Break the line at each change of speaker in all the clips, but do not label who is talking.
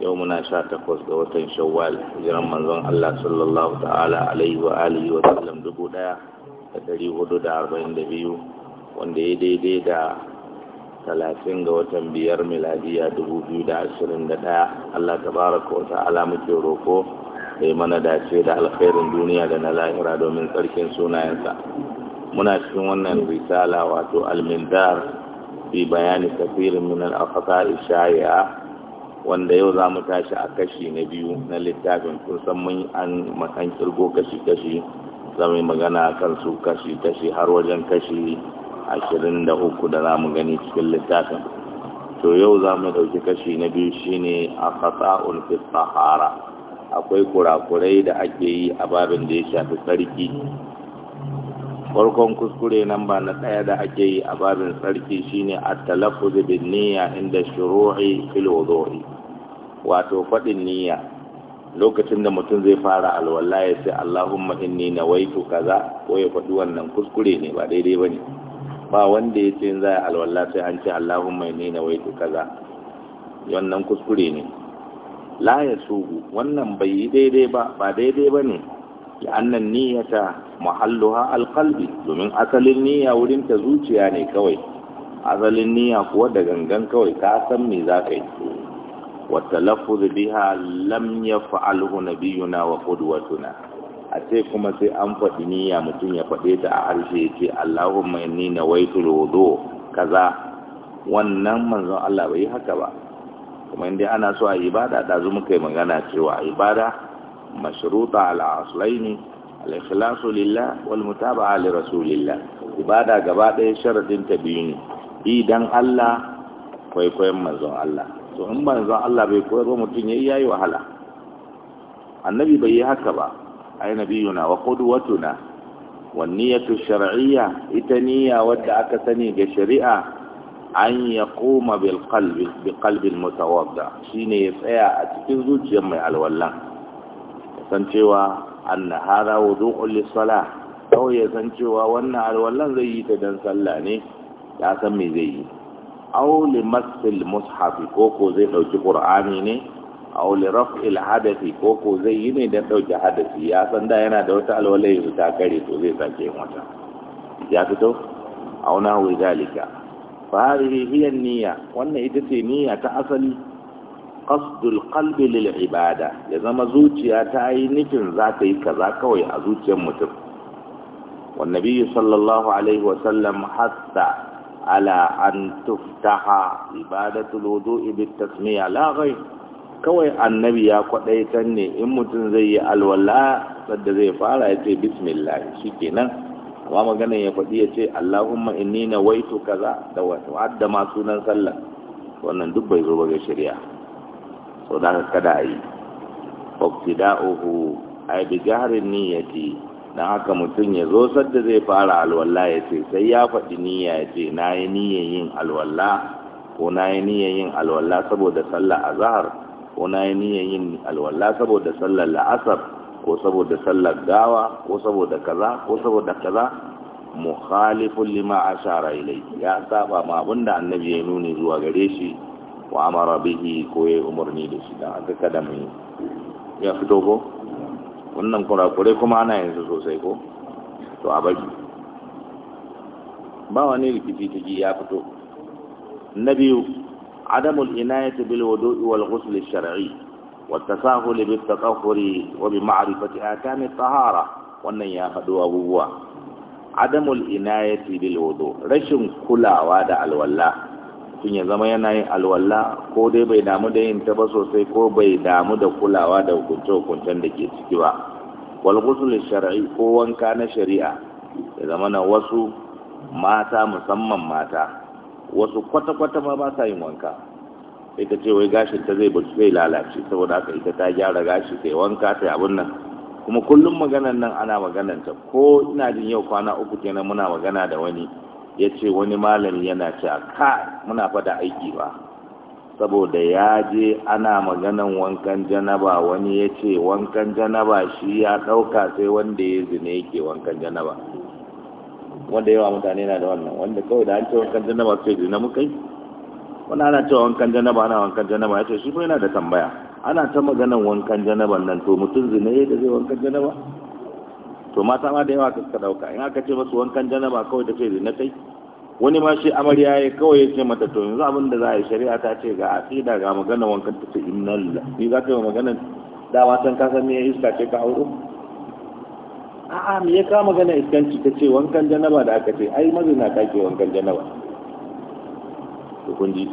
yau muna sha takwas ga watan shawwal jiran manzon Allah sallallahu ta'ala alaihi wa alihi wa sallam dubu daya da dari hudu da arba'in da biyu wanda ya daidai da talatin ga watan biyar miladiya dubu biyu da ashirin da daya Allah tabaraka wa ta'ala muke roko da ya mana dace da alkhairin duniya da na lahira domin tsarkin sunayensa muna cikin wannan risala wato almindar fi bayani kafirin min al-akhata'i shay'a wanda yau za mu tashi a kashi na biyu na littafin kun san mun an makan kirgo kashi-kashi za magana kan su kashi-kashi har wajen kashi ashirin da uku da za mu gani cikin littafin to yau za mu ɗauki kashi na biyu shine a fasa'un fi sahara akwai kurakurai da ake yi a babin da ya shafi sarki farkon kuskure nan ba na ɗaya da ake yi a babin sarki shine a talaffuzi bin niyya inda shuru'i fil wato faɗin niyya lokacin da mutum zai fara alwala ya ce Allahumma inni nawaitu kaza ko ya faɗi wannan kuskure ne ba daidai bane ba wanda ya ce za alwala sai an ce Allahumma inni nawaitu kaza wannan kuskure ne la ya sugu wannan bai daidai ba ba daidai bane ya annan niyyata mahalluha alqalbi domin asalin niyya wurin ta zuciya ne kawai asalin niyya kuwa da gangan kawai ka san me za ka yi والتلفظ بها لم يفعله na. A ce kuma sai an faɗi niyya mutum ya faɗe ta a harshe ya ce Allahumma inni nawaitul wudu kaza wannan manzon Allah bai haka ba kuma indai ana so a ibada da zu muka yi magana cewa ibada mashruta ala aslaini al-ikhlasu lillah wal mutaba'a li rasulillah ibada gaba ɗaya sharadin ta biyu ne idan Allah kwaikwayon manzon Allah to in manzon Allah bai koyar ba mutum yayi yayi wahala annabi bai yi haka ba ai nabiyuna wa qudwatuna wa niyyatu shar'iyya ita niyya wadda aka sani ga shari'a an yaquma bil qalbi bi qalbi mutawadda shine ya tsaya a cikin zuciyar mai alwallan san cewa anna hada wudu'un lis salah kawai ya san cewa wannan alwallan zai yi ta dan sallah ne ya san me zai yi Auli masil mushafi ko ko zai dauki qur'ani ne auli raf'il hadathi ko zai yi ne da hadasi ya san da yana da wata alwalai ta kare to zai sake wata ya fito aw na hu dalika fa hadhihi hiya niyya wannan ita ce niyya ta asali qasdul qalbi lil ibada ya zama zuciya ta yi nufin za ta yi kaza kawai a zuciyar mutum والنبي صلى الله عليه وسلم حتى ala an tuftaha ibadatul wudu'i bit tasmiya la ghayr kawai annabi ya kwadaitar ne in mutum zai yi alwala sadda zai fara ya ce bismillah shikenan amma maganar ya faɗi ya ce allahumma inni nawaitu kaza da wato adda sunan sallah wannan duk bai zo ba ga shari'a sau da kada a yi fabtida'uhu ay bi jahrin niyyati don haka mutum ya zo sadda zai fara alwala ya ce sai ya faɗi niyya ya ce na yi niyyar yin alwala ko na yi niyyar yin alwala saboda sallar azahar ko na yi niyyar yin alwala saboda sallar la'asar ko saboda sallar gawa ko saboda kaza ko saboda kaza mukhalifun lima ashara ilai ya saba ma abinda annabi ya nuni zuwa gare shi wa amara bihi ko ya umarni da shi dan aka kada mu ya fito ko wannan kurakurai kuma ana yanzu sosai ko to a bari ba wani rikici ji ya fito na biyu adamul inayati bil wudu'i wal ghusl ash-shar'i wat tasahul bit tatahhuri wa bi ma'rifati ahkam at-tahara wannan ya fado abubuwa adamul inayati bil wudu' rashin kulawa da alwala mutum ya zama yana yin alwala ko dai bai damu da yin ta ba sosai ko bai damu da kulawa da hukunce-hukuncen da ke ciki ba wal ghusl shar'i ko wanka na shari'a ya zama na wasu mata musamman mata wasu kwata-kwata ma ba sa yin wanka sai ta ce wai gashin ta zai zai lalace saboda haka ita ta gyara gashi ta wanka ta abin nan kuma kullum maganan nan ana maganan ko ina jin yau kwana uku kenan muna magana da wani ya ce wani malami yana cewa ka muna fada aiki ba saboda ya je ana maganan wankan janaba wani ya ce wankan janaba shi ya ɗauka sai wanda ya zina yake wankan janaba wanda yawa mutane na da wannan wanda kawai da an ce wankan janaba sai zina muka yi wani ana cewa wankan janaba ana wankan janaba ya ce shi yana da tambaya ana ta maganan wankan janaban nan to mutum zina ya da zai wankan janaba to mata ma da yawa ka suka dauka in aka ce masu wankan janaba kawai ta ce na kai wani ma shi amarya ya kawai ya ce mata to yanzu abin da za a yi shari'a ta ce ga aqida ga magana wankan ta ce inna lillah ni za ka yi magana ma san ka san me iska ce ka auro a'a me ya ka magana iskanci ta ce wankan janaba da aka ce ai mazina ta ke wankan janaba to kun ji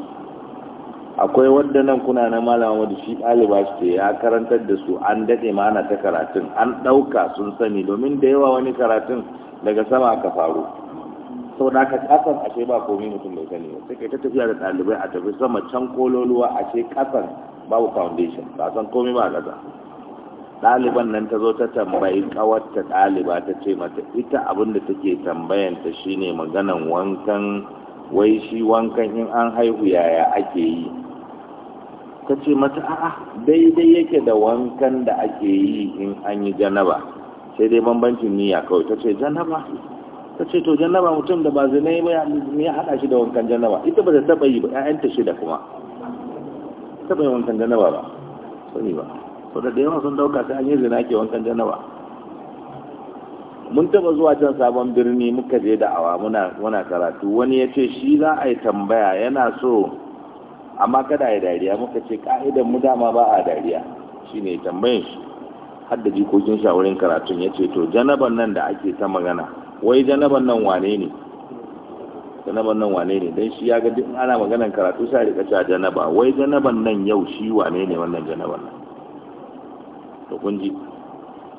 akwai wadda nan kuna na malama wadda shi ɗaliba su ce ya karantar da su an daɗe mana ana ta karatun an ɗauka sun sani domin da yawa wani karatun daga sama aka faru sau da aka ƙasan ashe ba komi mutum bai sani ba sai ta tafiya da ɗalibai a tafi sama can kololuwa ashe ƙasan babu foundation ba san komi ba a ƙasa ɗaliban nan ta zo ta tambayi ƙawarta ɗaliba ta ce mata ita abin da take tambayanta shine maganan wankan wai shi wankan in an haihu yaya ake yi ta ce mata a'a daidai yake da wankan da ake yi in an yi janaba sai dai bambancin niyya kawai ta ce janaba ta ce to janaba mutum da ba zina yi ya haɗa shi da wankan janaba ita ba ta taɓa yi ba shi da kuma taɓa yi wankan janaba ba sani ba so da yawa sun dauka sai an yi zina ke wankan janaba mun taɓa zuwa can sabon birni muka je da awa muna karatu wani ya ce shi za a yi tambaya yana so amma kada ya dariya muka ce ka'idan mu dama ba a dariya shine tambayin shi har da jikokin shawarin karatun ya ce to janaban nan da ake ta magana wai janaban nan wane ne janaban nan wane ne dan shi ya ga duk ana maganan karatu sai rika cewa janaba wai janaban nan yau shi wane ne wannan janaban nan to kun ji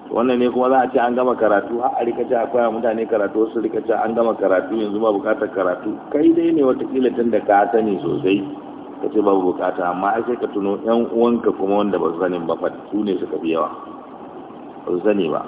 wannan ne kuma za a ce an gama karatu har a rika cewa akwai mutane karatu wasu rika cewa an gama karatu yanzu ba bukatar karatu kai dai ne watakila tun da ka sani sosai ka ce babu bukata amma ai ce ka tuno yan uwanka kuma wanda ba su sani ba fa su ne suka fi yawa ba su sani ba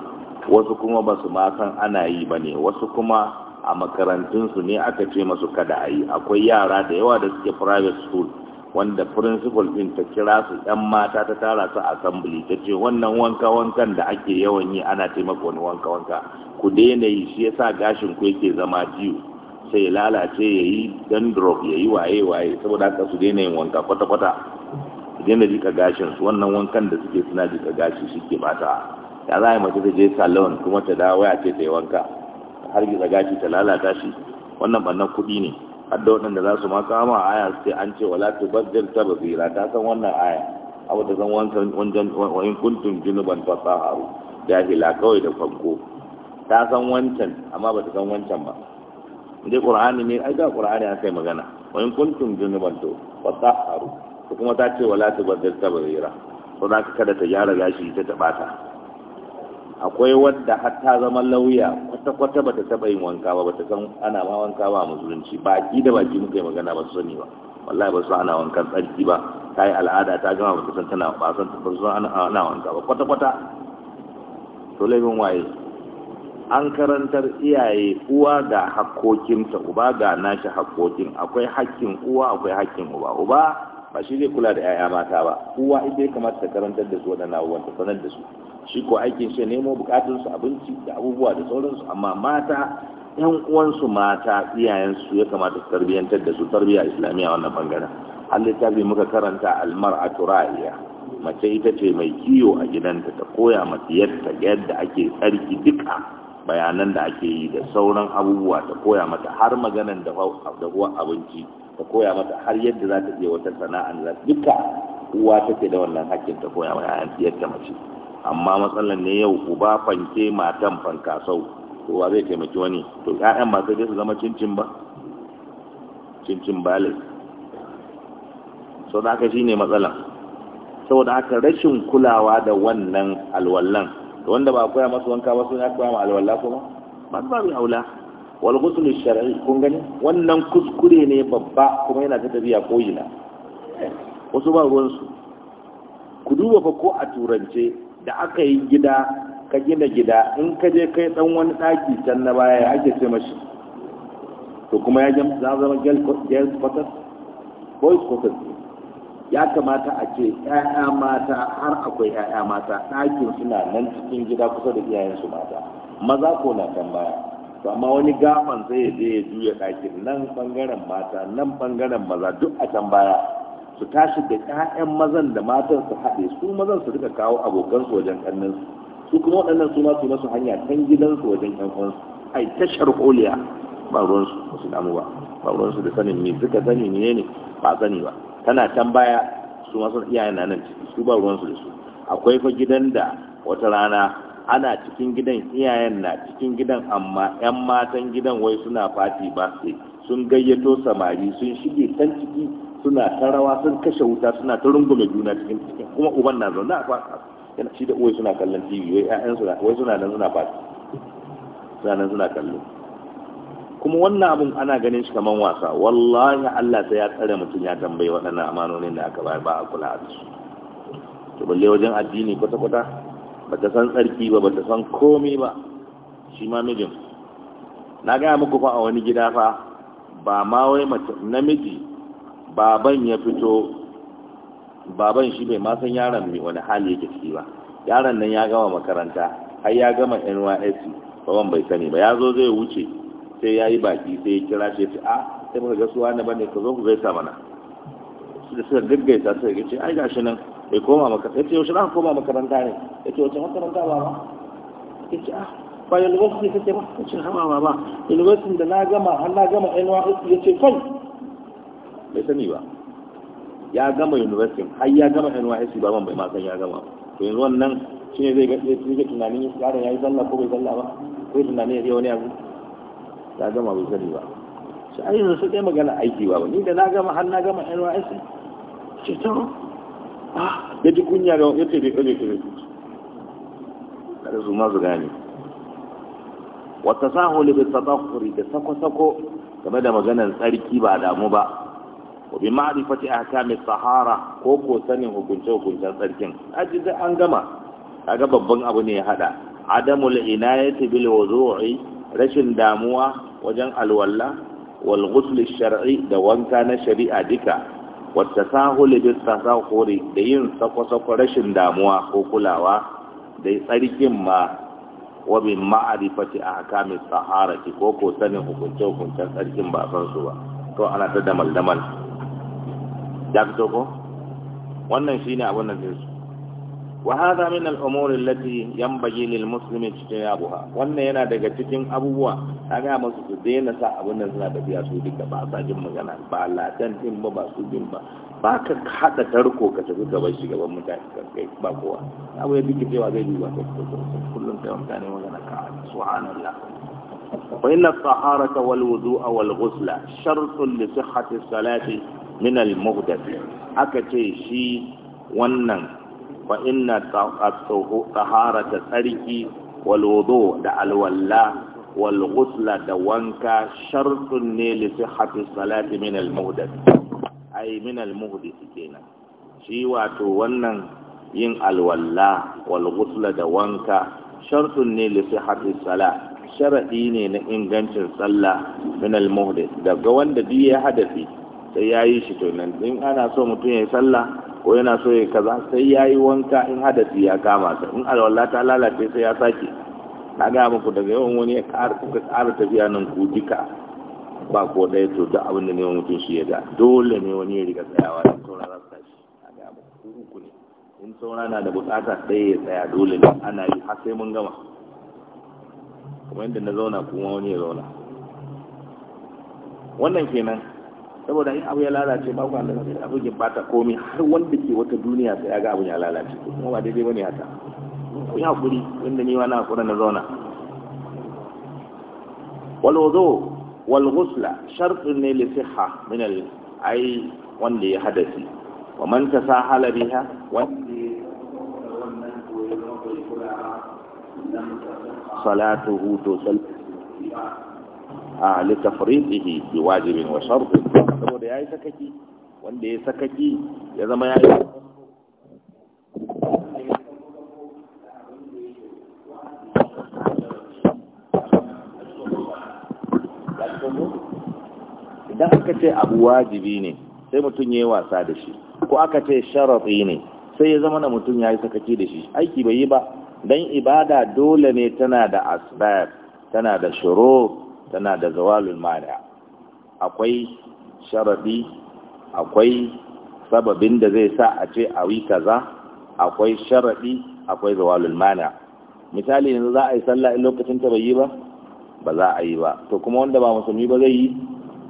wasu kuma ba su ma san ana yi ba ne wasu kuma a makarantunsu ne aka ce masu kada a yi akwai yara da yawa da suke private school wanda principal din ta kira su 'yan mata ta tara su assembly ta ce wannan wanka wankan da ake yawan yi ana taimaka wani wanka wanka ku daina yi shi yasa gashin ku yake zama jiyo sai ya lalace ya yi dandruff ya yi waye waye saboda haka su daina yin wanka kwata kwata su daina jika gashin su wannan wankan da suke suna jika gashi shi ke bata ya za a yi mace ta je salon kuma ta dawo waya ce ta yi wanka har gitsa gashi ta lalata shi wannan bannan kuɗi ne har da waɗanda za su ma kama aya su ce an ce wala tu bazzir tabzira ta san wannan aya abu da san wankan wanjan wa in kuntum junuban fasaharu jahila kawai da fanko ta san wancan amma ba ta san wancan ba dai qur'ani ne ai da qur'ani aka yi magana wa in kuntum junuban to fatahharu ko kuma ta ce wala tubaddil tabira to da kada ta gyara gashi ta tabata akwai wadda har ta zama lauya kwata-kwata ba ta taɓa yin wanka ba ba ta san ana ma wanka ba a musulunci baki da baki muka yi magana ba su sani ba wallahi ba su ana wankan tsarki ba ta yi al'ada ta gama ba ta san tana ba san ta ana wanka ba kwata-kwata to laifin waye an karantar iyaye uwa ga hakkokinta uba ga nashi hakkokin akwai hakkin uwa akwai hakkin uba uba ba shi zai kula da 'ya'ya mata ba uwa ita ya kamata ta karantar da su waɗannan abubuwan ta sanar da su shi ko aikin shi nemo bukatunsu abinci da abubuwa da sauransu amma mata yan uwansu mata iyayensu ya kamata su tarbiyyantar da su tarbiyya islamiyya wannan bangaren har littafi muka karanta a ra'iya mace ita ce mai kiyo a gidanta ta koya mata yadda yadda ake tsarki duka bayanan da ake yi da sauran abubuwa ta koya mata har maganan da huwa abinci ta koya mata har yadda za ta iya wata sana'a da duka uwa take da wannan hakkin ta koya wa yayan yadda mace amma matsalan ne yau uba fanke matan fanka sau to ba zai taimaki wani to ƴaƴan ba sai su zama cincin ba cincin bale so da haka shine matsalan saboda haka rashin kulawa da wannan alwallan wanda ba koya masu wanka ba sun ya koya ma alwala kuma ba ba bi aula wal ghusl shar'i kun gani wannan kuskure ne babba kuma yana ta tafiya ko ina wasu ba ruwan su ku duba fa ko a turance da aka yi gida ka gina gida in ka je kai dan wani daki can na baya ya ake ce mashi to kuma ya zama gel quarters boys quarters ya kamata a ce ‘ya'ya mata har akwai ‘ya'ya mata ɗakin suna nan cikin gida kusa da iyayensu mata maza ko na kan baya to amma wani gaban sai ya je ya juya ɗakin nan ɓangaren mata nan ɓangaren maza duk a can baya su tashi da ƴaƴan mazan da matan su haɗe su mazan su rika kawo abokansu wajen ƙannin su kuma waɗannan su ma su masu hanya kan gidansu wajen ƴan uwansu ai tashar sharholiya ba ruwansu ba su damu ba ba ruwansu da sanin me suka sani ne ne ba sani ba tana can baya su masu iyayen nan ciki su ba ruwansu da su akwai fa gidan da wata rana ana cikin gidan iyayen na cikin gidan amma 'yan matan gidan wai suna fati ba sun gayyato samari sun shige can ciki suna ta rawa sun kashe wuta suna ta rungume juna cikin cikin kuma uban na zaune a fasa yana shi da uwai suna kallon tv wai suna wai suna nan suna fati suna nan suna kallon kuma wannan abun ana ganin shi kamar wasa wallahi Allah sai ya tsare mutum ya tambayi waɗannan amanonin da aka bayar ba a kula da su to balle wajen addini kwata kwata bata san tsarki ba bata san komai ba shi ma mijin na gaya muku fa a wani gida fa ba ma wai mace namiji baban ya fito baban shi bai ma san yaron mai wani hali yake ciki ba yaron nan ya gama makaranta har ya gama NYSC baban bai sani ba ya zo zai wuce sai ya yi baki sai ya kira shi ya ce a ah, sai muka ga suwa na bane ka zo ku gaisa mana su da suka gaggaita suka ga ce ai gashi nan bai koma maka sai ce yaushe za ka koma makaranta ne ya ce wace makaranta ba ba ya ce a ah, ba university kake ba ya ce hama ba ba university da na gama har na gama wa'u ya ce kai bai sani ba ya gama university har ya gama NYSC ba man bai ma san ya gama to yanzu wannan shine zai ga zai tunanin ya yi zalla ko bai zalla ba ko tunanin ya wani abu ta gama bai sani ba sai ai su sai magana aiki ba ni da na gama har na gama NYSC ce ta ah ya ji kunya ga yace da kare kare kada su ma su gane wa tasahul bi tadakhuri da sako sako game da maganar tsarki ba damu ba wa bi ma'rifati ahkamis sahara ko ko sanin hukunce hukuncen tsarkin aji da an gama kaga babban abu ne ya hada adamul inayati bil wudu'i rashin damuwa wajen alwalla wal ghusl shar'i da wanka na shari'a duka wa tasahul bil tasahuri da yin sako rashin damuwa ko kulawa da tsarkin ma wa bin ma'rifati ahkamis taharati ko ko sanin hukunce hukuncen tsarkin ba san su ba to ana ta damal damal ko wannan shine abin da zai وهذا من الأمور التي ينبغي للمسلم اجتنابها وأن ينا daga cikin abubuwa kaga musu su daina sa abin da suna tafiya su duka ba sa jin magana ba latan din ba ba su jin ba ba ka hada tarko ka tafi gaba shi gaban mutane kai ba kowa abu ya duka cewa zai duba kai kullum kai mutane magana ka subhanallah wa inna at-taharata wal wudu'a wal ghusla shartun li sihhati as-salati min al-muhdath aka ce shi wannan fa inna taharata tsarki wal wudu da alwalla wal ghusla da wanka shartun ne li sihhati salati min al muhdath ay min al muhdith kenan shi wato wannan yin alwalla wal ghusla da wanka shartun ne li sihhati salat sharadi ne na ingancin sallah min al muhdith daga wanda biye hadafi sai yayi shi to nan in ana so mutum ya sallah ko yana so ya kaza sai ya yi wanka in hadasi ya kama sa in alwala ta lalace sai ya sake na ga muku daga yawan wani ya ƙara tafiya nan ku duka ba ko ɗaya to da abin da neman mutum shi ya ga dole ne wani ya riga tsayawa da saura za su tashi na ga muku uku ne in saura na da bukata sai ya tsaya dole ne ana yi har sai mun gama kuma yadda na zauna kuma wani ya zauna wannan kenan saboda in abu ya lalace ba ku Allah ne abu ya bata komai har wanda ke wata duniya sai ya ga abu ya lalace kuma ba daidai bane haka ku yi hakuri inda ni wani hakuri na zauna wal wudu wal ghusla ne li sihha min al ai wanda ya hadasi wa man tasahala biha wanda hu to salatuhu a litafriqihi bi wajibin wa shart saboda yayi sakaki wanda ya sakaki ya zama yayi idan aka ce abu wajibi ne sai mutum ya yi wasa da shi ko aka ce sharafi ne sai ya zama na mutum ya yi sakaki da shi aiki bai yi ba don ibada dole ne tana da asbab tana da shuru tana da zawalul mani akwai sharadi akwai sababin da zai sa a ce a wi kaza akwai sharadi akwai zawalul mani misali yanzu za a yi sallah in lokacin ta bai yi ba ba za a yi ba to kuma wanda ba musulmi ba zai yi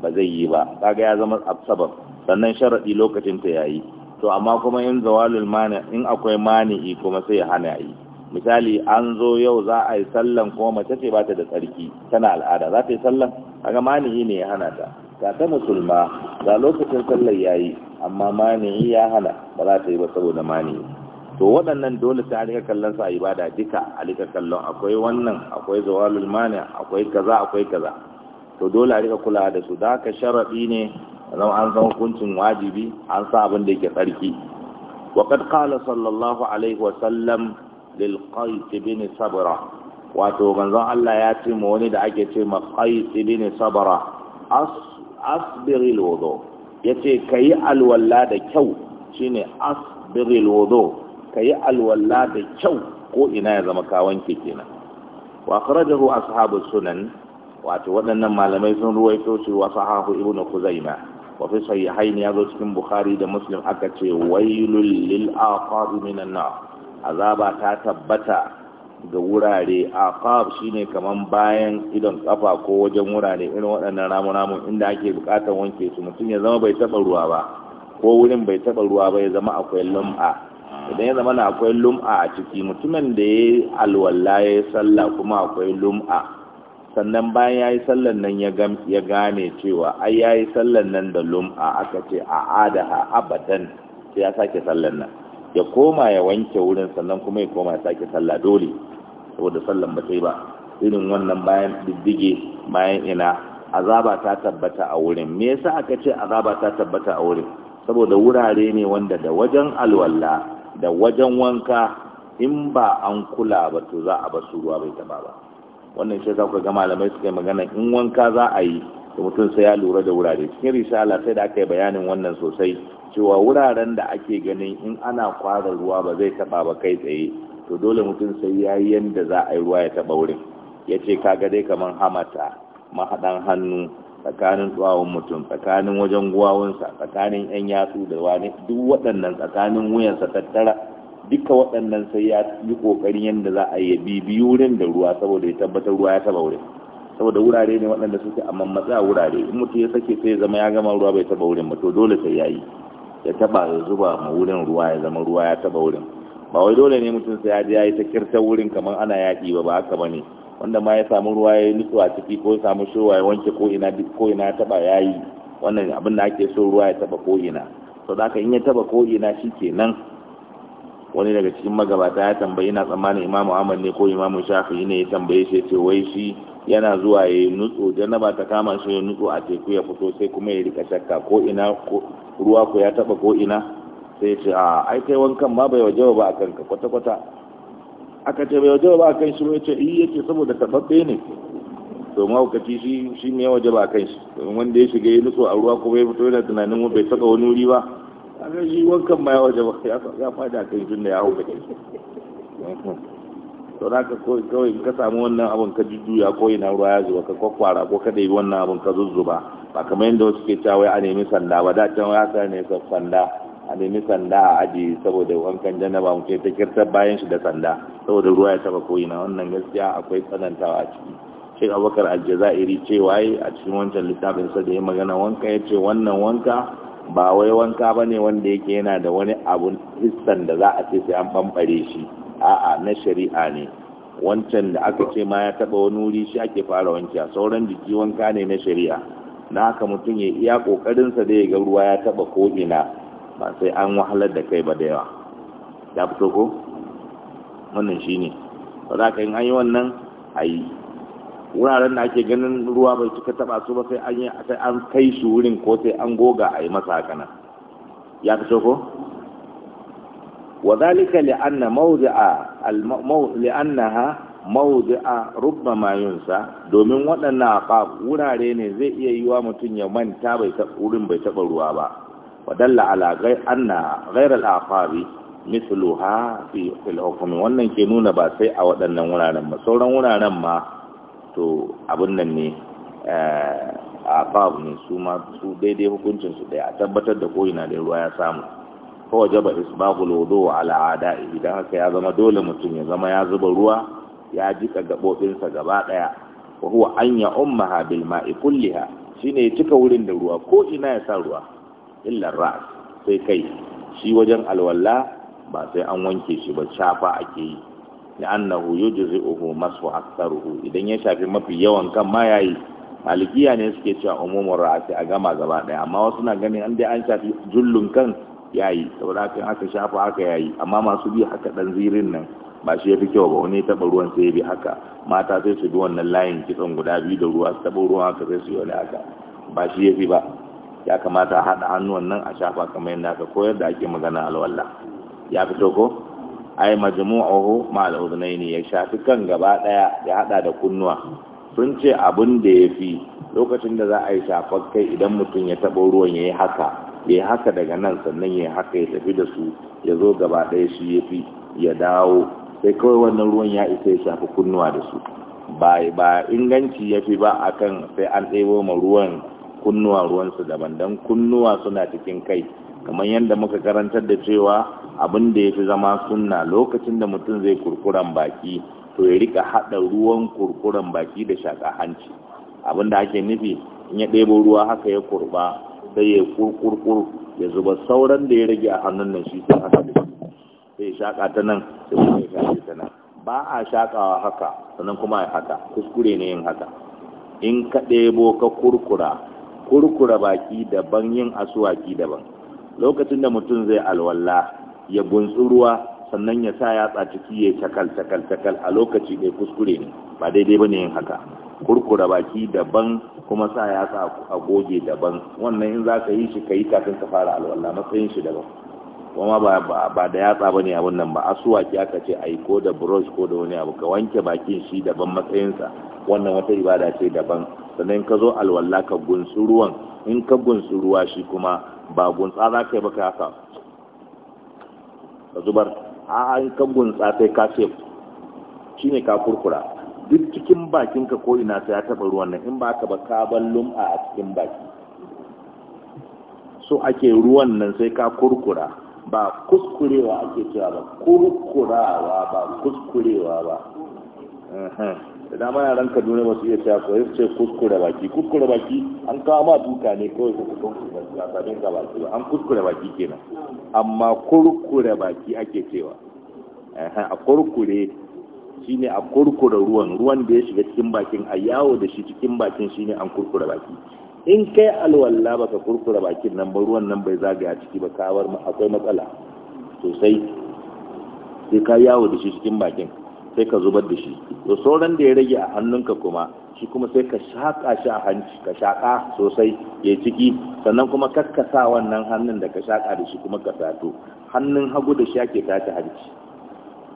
ba zai yi ba kaga ya zama sabab sannan sharadi lokacin ta yayi to amma kuma in zawalul mani in akwai mani'i kuma sai ya hana yi misali an zo yau za a yi sallan kuma mace ce bata da tsarki tana al'ada za ta yi sallan kaga mani'i ne ya hana ta ga ta musulma ga lokacin sallar yayi amma mani'i ya hana ba za ta yi ba saboda mani'i to waɗannan dole ta a rika kallon sa ibada duka a rika kallon akwai wannan akwai zawalul mani akwai kaza akwai kaza to dole a rika kula da su da haka sharaɗi ne zan an san hukuncin wajibi an sa abin da yake tsarki وقد قال صلى الله عليه وسلم lil qais bin wato manzon Allah ya ce ma wani da ake ce ma qais bin sabra as asbiril yace kayi alwala da kyau shine asbiril wudu kayi alwala da kyau ko ina ya zama ka wanke kenan wa akhrajahu ashabu sunan wato waɗannan malamai sun ruwaito shi wa sahahu ibnu kuzaima wa fi sahihain ya zo cikin bukhari da muslim aka ce wailul lil aqab minan nar azaba ta tabbata ga wurare a shi shine kamar bayan idon kafa ko wajen wurare irin waɗannan ramu inda ake bukatar wanke su mutum ya zama bai taɓa ruwa ba ko wurin bai taɓa ruwa ba ya zama akwai lum'a idan ya zama na akwai lum'a a ciki mutumin da ya yi alwala ya yi sallah kuma akwai lum'a sannan bayan ya yi sallan nan ya gane cewa ai ya yi sallan nan da lum'a aka ce a adaha abadan sai ya sake sallan nan ya koma ya wanke wurin sannan kuma ya koma ya sake sallah dole saboda sallan ba ta ba irin wannan bayan diddige bayan ina azaba ta tabbata a wurin me yasa aka ce azaba ta tabbata a wurin saboda wurare ne wanda da wajen alwala da wajen wanka in ba an kula ba to za a bar ruwa bai taba ba wannan shi yasa ku ga malamai suka yi magana in wanka za a yi to mutum sai ya lura da wurare cikin risala sai da aka yi bayanin wannan sosai cewa wuraren da ake ganin in ana kwara ruwa ba zai taba ba kai tsaye to dole mutum sai ya yi yadda za a yi ruwa ya taba wurin ya ce kaga dai kamar hamata mahaɗan hannu tsakanin tsawon mutum tsakanin wajen guwawunsa tsakanin yan yatsu da wani duk waɗannan tsakanin wuyansa tattara duka waɗannan sai ya yi ƙoƙarin yadda za a yi bibiyu wurin da ruwa saboda ya tabbatar ruwa ya taba wurin saboda wurare ne waɗanda suke amma matsa wurare in mutum ya sake sai zama ya gama ruwa bai taba wurin ba to dole sai ya yi ya taba ya zuba ma wurin ruwa ya zama ruwa ya taba wurin ba wai dole ne mutum sai ya je ya yi ta kirta wurin kamar ana yaƙi ba ba haka bane wanda ma ya samu ruwa ya nutsu a ciki ko ya samu shirwa ya wanke ko ina ko ina taba yi wannan abin da ake so ruwa ya taba ko ina to da in ya taba ko ina shi kenan wani daga cikin magabata ya tambayi ina tsammanin imamu ahmad ne ko imamu shafi'i ne ya tambaye shi ce wai shi yana zuwa ya yi nutso jannaba ta kama shi ya nutsu a teku ya fito sai kuma ya rika shakka ko ina ruwa ko ya taba ko ina sai ce a ai kai wankan ma bai waje ba a kanka kwata kwata aka ce bai waje ba a shi shi ce yi yake saboda tababbe ne to mahaukaci shi shi ne waje ba a shi domin wanda ya shiga ya nutso a ruwa ko bai fito yana tunanin bai saka wani wuri ba a shi wankan ma ya waje ba ya fada a kan shi da ya haukace to da ka kawai in ka samu wannan abin ka jujjuya ko ina ruwa ya zuba ka kwakwara ko ka ɗebi wannan abin ka zuzzuba ba kamar yadda wasu ke cewa a nemi sanda ba da can ya sa ne sanda a nemi sanda a aji saboda wankan janaba mutum ta kirtar bayan shi da sanda saboda ruwa ya taba ko ina wannan gaskiya akwai tsanantawa a ciki shi abubakar aljazairi cewa a cikin wancan littafin sa da ya magana wanka ya ce wannan wanka ba wai wanka ba ne wanda yake yana da wani abun hissan da za a ce sai an bambare shi na shari'a ne wancan da aka ce ma ya taba wani wuri shi ake fara wanki a sauran jiki wanka ne na shari'a na haka mutum ya iya kokarinsa da ya ga ruwa ya taba ko ina ba sai an wahalar da kai ba da yawa ya fito ko wannan ne ba za ka yi an yi wannan a yi wuraren da ake ganin ruwa bai cika taba su ba sai an kai shi wurin ko sai an goga a yi masa haka nan ya fito ko وذلك لأن موضع لأنها موضع ربما ينسى domin waɗannan aqab wurare ne zai iya yiwa mutun ya manta bai wurin bai taba ruwa ba wadalla ala ghayr anna ghayr al aqabi mithluha fi fil hukm wannan ke nuna ba sai a waɗannan wuraren ba sauran wuraren ma to abun nan ne eh aqab ne su ma su daidai hukuncin su daya a tabbatar da ko ina da ruwa ya samu fawajaba isbagul wudu ala ada'i idan haka ya zama dole mutum ya zama ya zuba ruwa ya jika sa gaba daya wa huwa an ya ummaha bil ma'i kulliha shine ya cika wurin da ruwa ko ina ya sa ruwa illa ra's sai kai shi wajen alwala ba sai an wanke shi ba shafa ake yi ya annahu yujzi'uhu masu aktharuhu idan ya shafi mafi yawan kan ma yayi malikiya ne suke cewa umumur ra'si a gama gaba daya amma wasu na ganin an dai an shafi jullun kan yayi saboda kan aka shafa haka yayi amma masu bi haka dan zirin nan ba shi ya fi kyau ba wani taba ruwan sai bi haka mata sai su bi wannan layin kitson guda biyu da ruwa su taɓa ruwan haka sai su yi wani haka ba shi ya fi ba ya kamata a haɗa hannuwan nan a shafa kamar yadda aka koyar da ake magana alwala ya fito ko ai majmu'uhu ma al ya shafi kan gaba daya ya hada da kunnuwa sun ce abin da ya fi. lokacin da za a yi shafar kai idan mutum ya taɓa ruwan ya yi haka ya haka daga nan sannan ya haka ya tafi da su ya zo gaba ɗaya su ya fi ya dawo sai kawai wannan ruwan ya isa ya shafi kunnuwa da su ba ba inganci ya fi ba akan sai an ɗebo ma ruwan kunnuwa ruwansu daban don kunnuwa suna cikin kai kamar yadda muka karantar da cewa abin da ya fi zama sunna lokacin da mutum zai kurkuran baki to ya rika haɗa ruwan kurkuran baki da shaƙa hanci abin da ake nufi in ya ɗebo ruwa haka ya kurba sai ya kurkurkur ya zuba sauran da ya rage a hannun nan shi sai haka da sai ya shaka ta nan sai kuma ya shaƙe ta nan ba a shakawa haka sannan kuma ya haka kuskure ne yin haka in ka ɗebo ka kurkura kurkura baki daban yin asuwaki daban lokacin da mutum zai alwala ya gunsu ruwa sannan ya sa yatsa ciki ya cakal cakal cakal a lokaci ɗaya kuskure ne ba daidai ba ne yin haka kurkura baki daban kuma sa ya sa a goge daban wannan in za ka yi shi ka yi kafin ka fara alwala matsayin shi daban kuma ba da yatsa ba ne abin nan ba asuwaki aka ce a yi ko da brush ko da wani abu ka wanke bakin shi daban matsayinsa wannan wata ibada ce daban sannan ka zo alwala ka gunsu ruwan in ka gunsu ruwa shi kuma ba gunsa za ka yi ba ka haka ka zubar a an ka gunsa sai ka ce shi ne ka kurkura duk cikin bakinka ko ina sai ya taɓa ruwan nan in ba ka ba ka lum'a a cikin baki so ake ruwan nan sai ka kurkura ba kuskurewa ake cewa ba kurkurawa ba kuskurewa ba da dama yaran kaduna ba su iya cewa ko ce kuskure baki kuskure baki an kawo ma duka ne kawai ko kuskure ba sabin ka baki ba an kuskure baki kenan amma kurkure baki ake cewa a kurkure shine a kurkura ruwan ruwan da ya shiga cikin bakin a yawo da shi cikin bakin shine an kurkura baki in kai alwalla baka kurkura bakin nan ba ruwan nan bai zagaya ciki ba kawar akwai matsala sosai sai ka yawo da shi cikin bakin sai ka zubar da shi to sauran da ya rage a hannunka kuma shi kuma sai ka shaƙa shi a hanci ka shaƙa sosai ya ciki sannan kuma kakkasa wannan hannun da ka shaƙa da shi kuma ka sato hannun hagu da shi ake tace hanci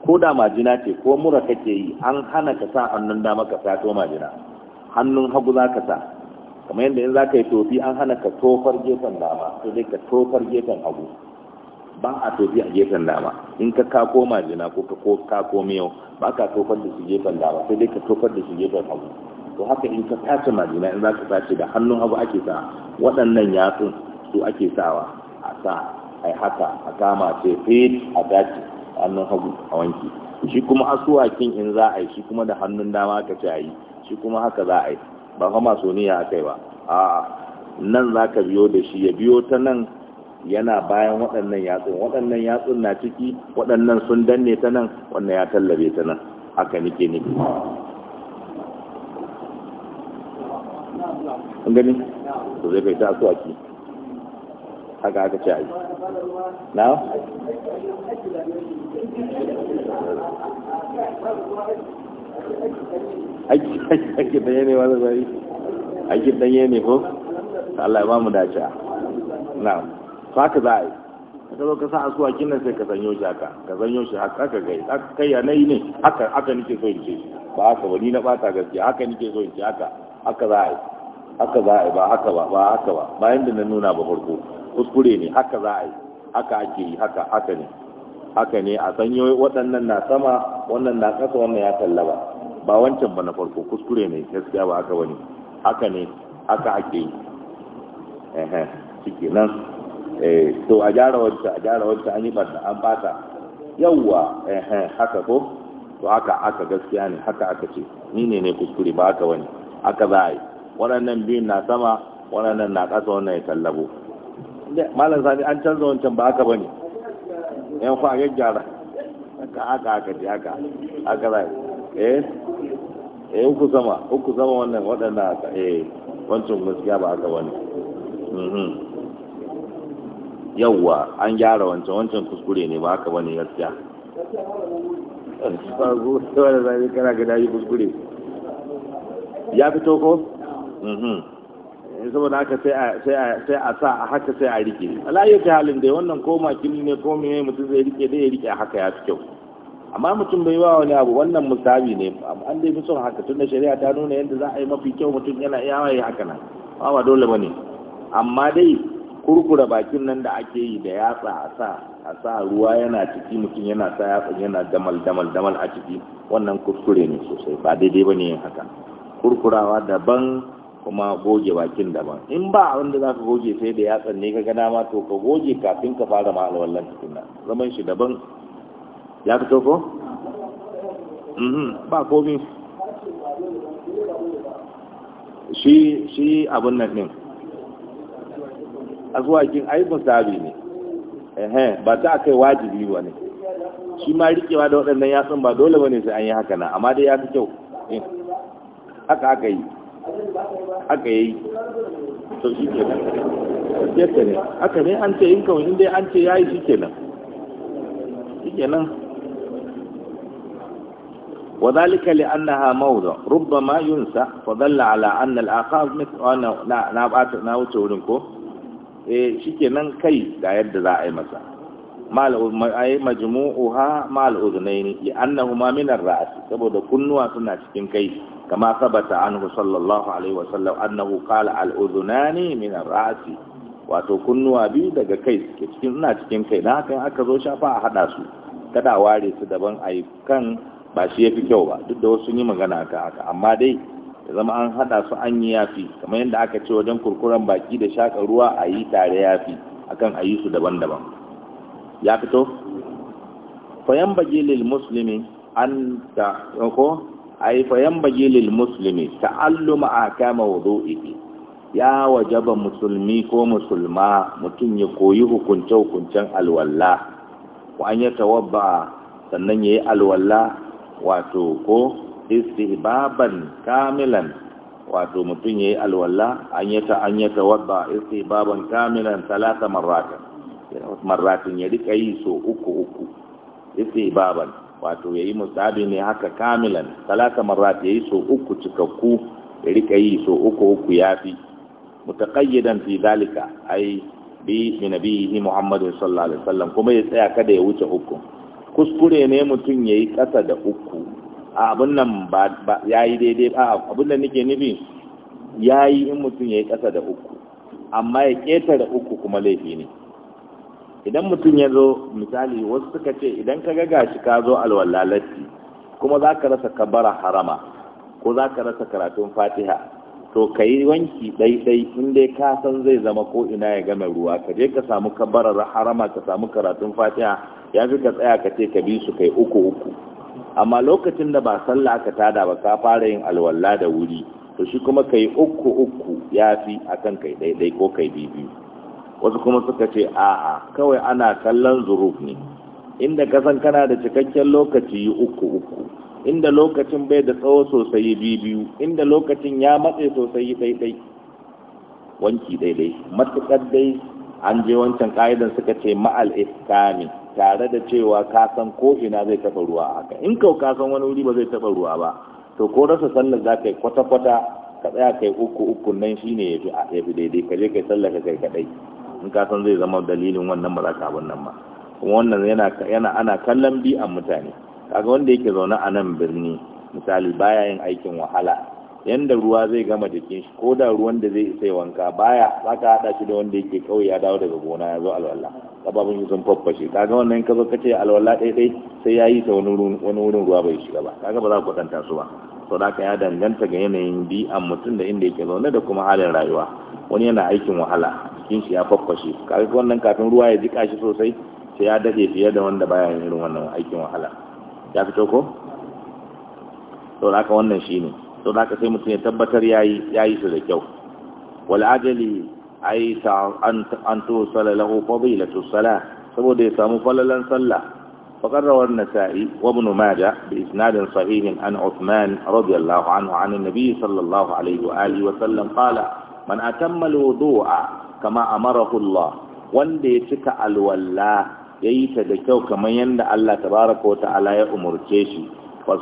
ko da majina ce ko mura kake yi an hana ka sa hannun dama ka sa to majina hannun hagu za ka sa kamar yadda in za ka yi tofi an hana ka tofar gefen dama sai dai ka tofar gefen hagu ba a tofi a gefen dama in ka kako majina ko ka ko kako miyau ba ka tofar da shi gefen dama sai dai ka tofar da shi gefen hagu to haka in ka tace majina in za ka tace da hannun hagu ake sa waɗannan yatsun su ake sawa a sa ai haka a kama ce fit a dace hannun hagu a wanki shi kuma asuwakin in za a yi shi kuma da hannun dama aka ce a yi shi kuma haka za a yi ba fa masoniya aka yi ba a nan za ka biyo da shi ya biyo ta nan yana bayan waɗannan yatsun waɗannan yatsun na ciki waɗannan sun danne ta nan wannan ya tallabe ta nan haka nike nike
gani zai
kai ta asuwaki haka aka ce ayi na ake danye ne wani zari ake danye ne ko Allah ya ba mu dace na haka za a yi ka zo ka sa a suwa kinan sai ka zanyo shi haka ka zanyo shi haka ka gai kai ya ne haka nike so in ce ba haka ba ni na bata gaske haka nike so in ce haka haka za a yi haka za a yi ba haka ba ba haka ba bayan da na nuna ba farko kuskure ne haka za a yi haka ake yi haka haka ne haka ne a sanyo waɗannan na sama wannan na ƙasa wannan ya talla ba wancan ba na farko kuskure ne gaskiya ba haka wani haka ne haka ake yi ehe cikin nan eh, to a gyara wancan a gyara wancan an yi ɓarna an bata yawwa ehe haka ko to haka haka gaskiya ne haka aka ce ni ne ne kuskure ba haka wani haka za a yi waɗannan biyun na sama waɗannan na ƙasa wannan ya tallabo malam sani an canza wancan ba haka bane yan fa ya gyara aka aka haka ji aka aka zai eh eh uku sama uku sama wannan waɗanda aka eh wancan gaskiya ba haka bane mhm. yawwa an gyara wancan wancan kuskure ne ba haka bane gaskiya sai wanda zai kana ga dai kuskure ya fito ko mhm mm saboda haka sai a sa a haka sai a rike ta halin da wannan ko makini ne ko mai mutum zai rike da ya rike haka ya fi kyau amma mutum bai wa wani abu wannan musabi ne an dai fi son haka da shari'a ta nuna yadda za a yi mafi kyau mutum yana iya haka nan ba ba dole bane amma dai kurkura bakin nan da ake yi da yatsa a sa a sa ruwa yana ciki mutum yana sa yatsa yana damal damal damal a ciki wannan kurkure ne sosai ba daidai bane yin haka kurkurawa daban kuma goge bakin daban in ba wanda za ka goge sai da ya tsanne ka gana ma to ka goge kafin ka fara ma alwallan tukuna zaman shi daban ya fito ko? Mhm, ba komi shi shi abin nan ɗin azuwakin aibun sabi ne ehe ba ta akai wajibi ba ne shi ma rikewa da waɗannan yatsun ba dole ba ne sai an yi haka na amma dai ya fi kyau eh, haka aka yi aka yi to shi ke nan yadda ne aka ne an ce in kawai inda an ce ya eh, yi shi ke nan shi ke nan وذلك لأنها موضع ربما ينسى على أن الآخاذ مثل أنا نابعت كي دا يد mal ay majmu'uha mal udhnaini li annahuma min ar-ra's saboda kunnuwa suna cikin kai كما ثبت عنه صلى الله عليه وسلم أنه قال الأذنان من الرأس wato kunnuwa biyu daga kai suke cikin cikin kai na kan aka zo shafa a hada su kada ware su daban a kan ba shi ya kyau ba duk da wasu yi magana ka haka amma dai ya zama an hada su an yi yafi kamar yadda aka ce wajen kurkuran baki da shaka ruwa a yi tare yafi akan a su daban-daban ya fito fayan bagi lil muslimi an da ko ai fa yanbaghi lil muslimi ta'alluma ahkama wudu'i ya wajaba musulmi ko musulma mutum ya koyi hukunce hukuncen alwala ko an ya tawabba sannan yayi alwala wato ko istihbaban kamilan wato mutum yayi alwala an ya ta an ya tawabba istihbaban kamilan talata marratin marratin ya rika yi so uku uku istihbaban wato yayi musabi ne haka kamilan talata marrat yayi so uku cikakku ya rika yi so uku uku yafi mutaqayyidan fi dalika ai bi nabiyihi muhammadin sallallahu alaihi wasallam kuma ya tsaya kada ya wuce uku kuskure ne mutum yayi kasa da uku a abun nan ba yayi daidai ba abun nan nake nufi yayi in mutum yayi kasa da uku amma ya ketare uku kuma laifi ne idan mutum ya zo misali wasu suka ce idan ka ga shi ka zo alwala latti kuma za ka rasa kabara harama ko za ka rasa karatun fatiha to ka yi wanki ɗaiɗai in dai ka san zai zama ko ina ya game ruwa ka je ka samu kabarar harama ka samu karatun fatiha ya fi ka tsaya ka ce ka bi su kai uku uku amma lokacin da ba sallah aka tada ba ka fara yin alwala da wuri to shi kuma ka yi uku uku ya fi akan kai ɗaiɗai ko kai biyu wasu kuma suka ce a'a kawai ana kallon zuruf ne inda kasan kana da cikakken lokaci yi uku uku inda lokacin bai da tsawo sosai biyu biyu inda lokacin ya matse sosai daidai wanki daidai matukar dai an je wancan ka'idan suka ce ma'al iskami tare da cewa ka san ko ina zai taɓa ruwa haka in kau ka wani wuri ba zai taɓa ruwa ba to ko rasa sallar za ka yi kwata-kwata ka tsaya kai uku uku nan shine ya fi daidai ka je kai sallar ka kai kadai in ka san zai zama dalilin wannan ba za ka nan ba kuma wannan yana yana ana kallon a mutane kaga wanda yake zaune a nan birni misali baya yin aikin wahala yanda ruwa zai gama jikin shi ko da ruwan da zai isa wanka baya saka hada shi da wanda yake kauye ya dawo daga gona ya zo alwala sababin shi sun fafashe kaga wannan ka zo ka alwala ɗaya dai sai ya yi ta wani wurin ruwa bai shiga ba kaga ba za ku kwatanta su ba sau da ya danganta ga yanayin bi'an mutum da inda yake zaune da kuma halin rayuwa wani yana aikin wahala jikin shi ya faffashe kafin wannan kafin ruwa ya jika shi sosai sai ya dade fiye da wanda baya yin irin wannan aikin wahala ya fito ko to haka wannan shine to haka sai mutum ya tabbatar yayi yayi su da kyau wal ajali ay ta an an to salallahu fadilatu salah saboda ya samu falalan sallah فقرر النسائي وابن ماجه بإسناد صحيح عن عثمان رضي الله عنه عن النبي صلى الله عليه وآله وسلم قال من أتم الوضوء kama amarahu Allah wanda ya cika alwalla yayi ta da kyau kamar yanda Allah tabaraka ta'ala ya umurce shi was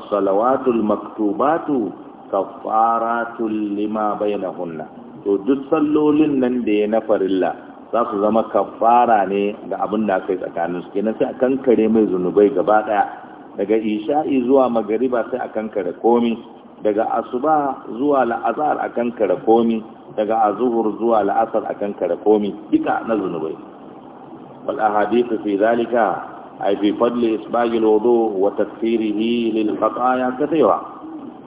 maktubatu Kafaratul lima bainahunna to duk sallolin nan da ya na farilla za su zama kafara ne ga abin da aka yi tsakanin su kenan sai a kankare mai zunubai gaba daya daga isha'i zuwa magariba sai a kankare komi daga asuba zuwa la'azar akan kare komi daga azuhur zuwa la'asar akan kare komi duka na zunubai wal ahadithu fi zalika ay fi fadli isbagil wudu wa takfirihi lil khataya kathira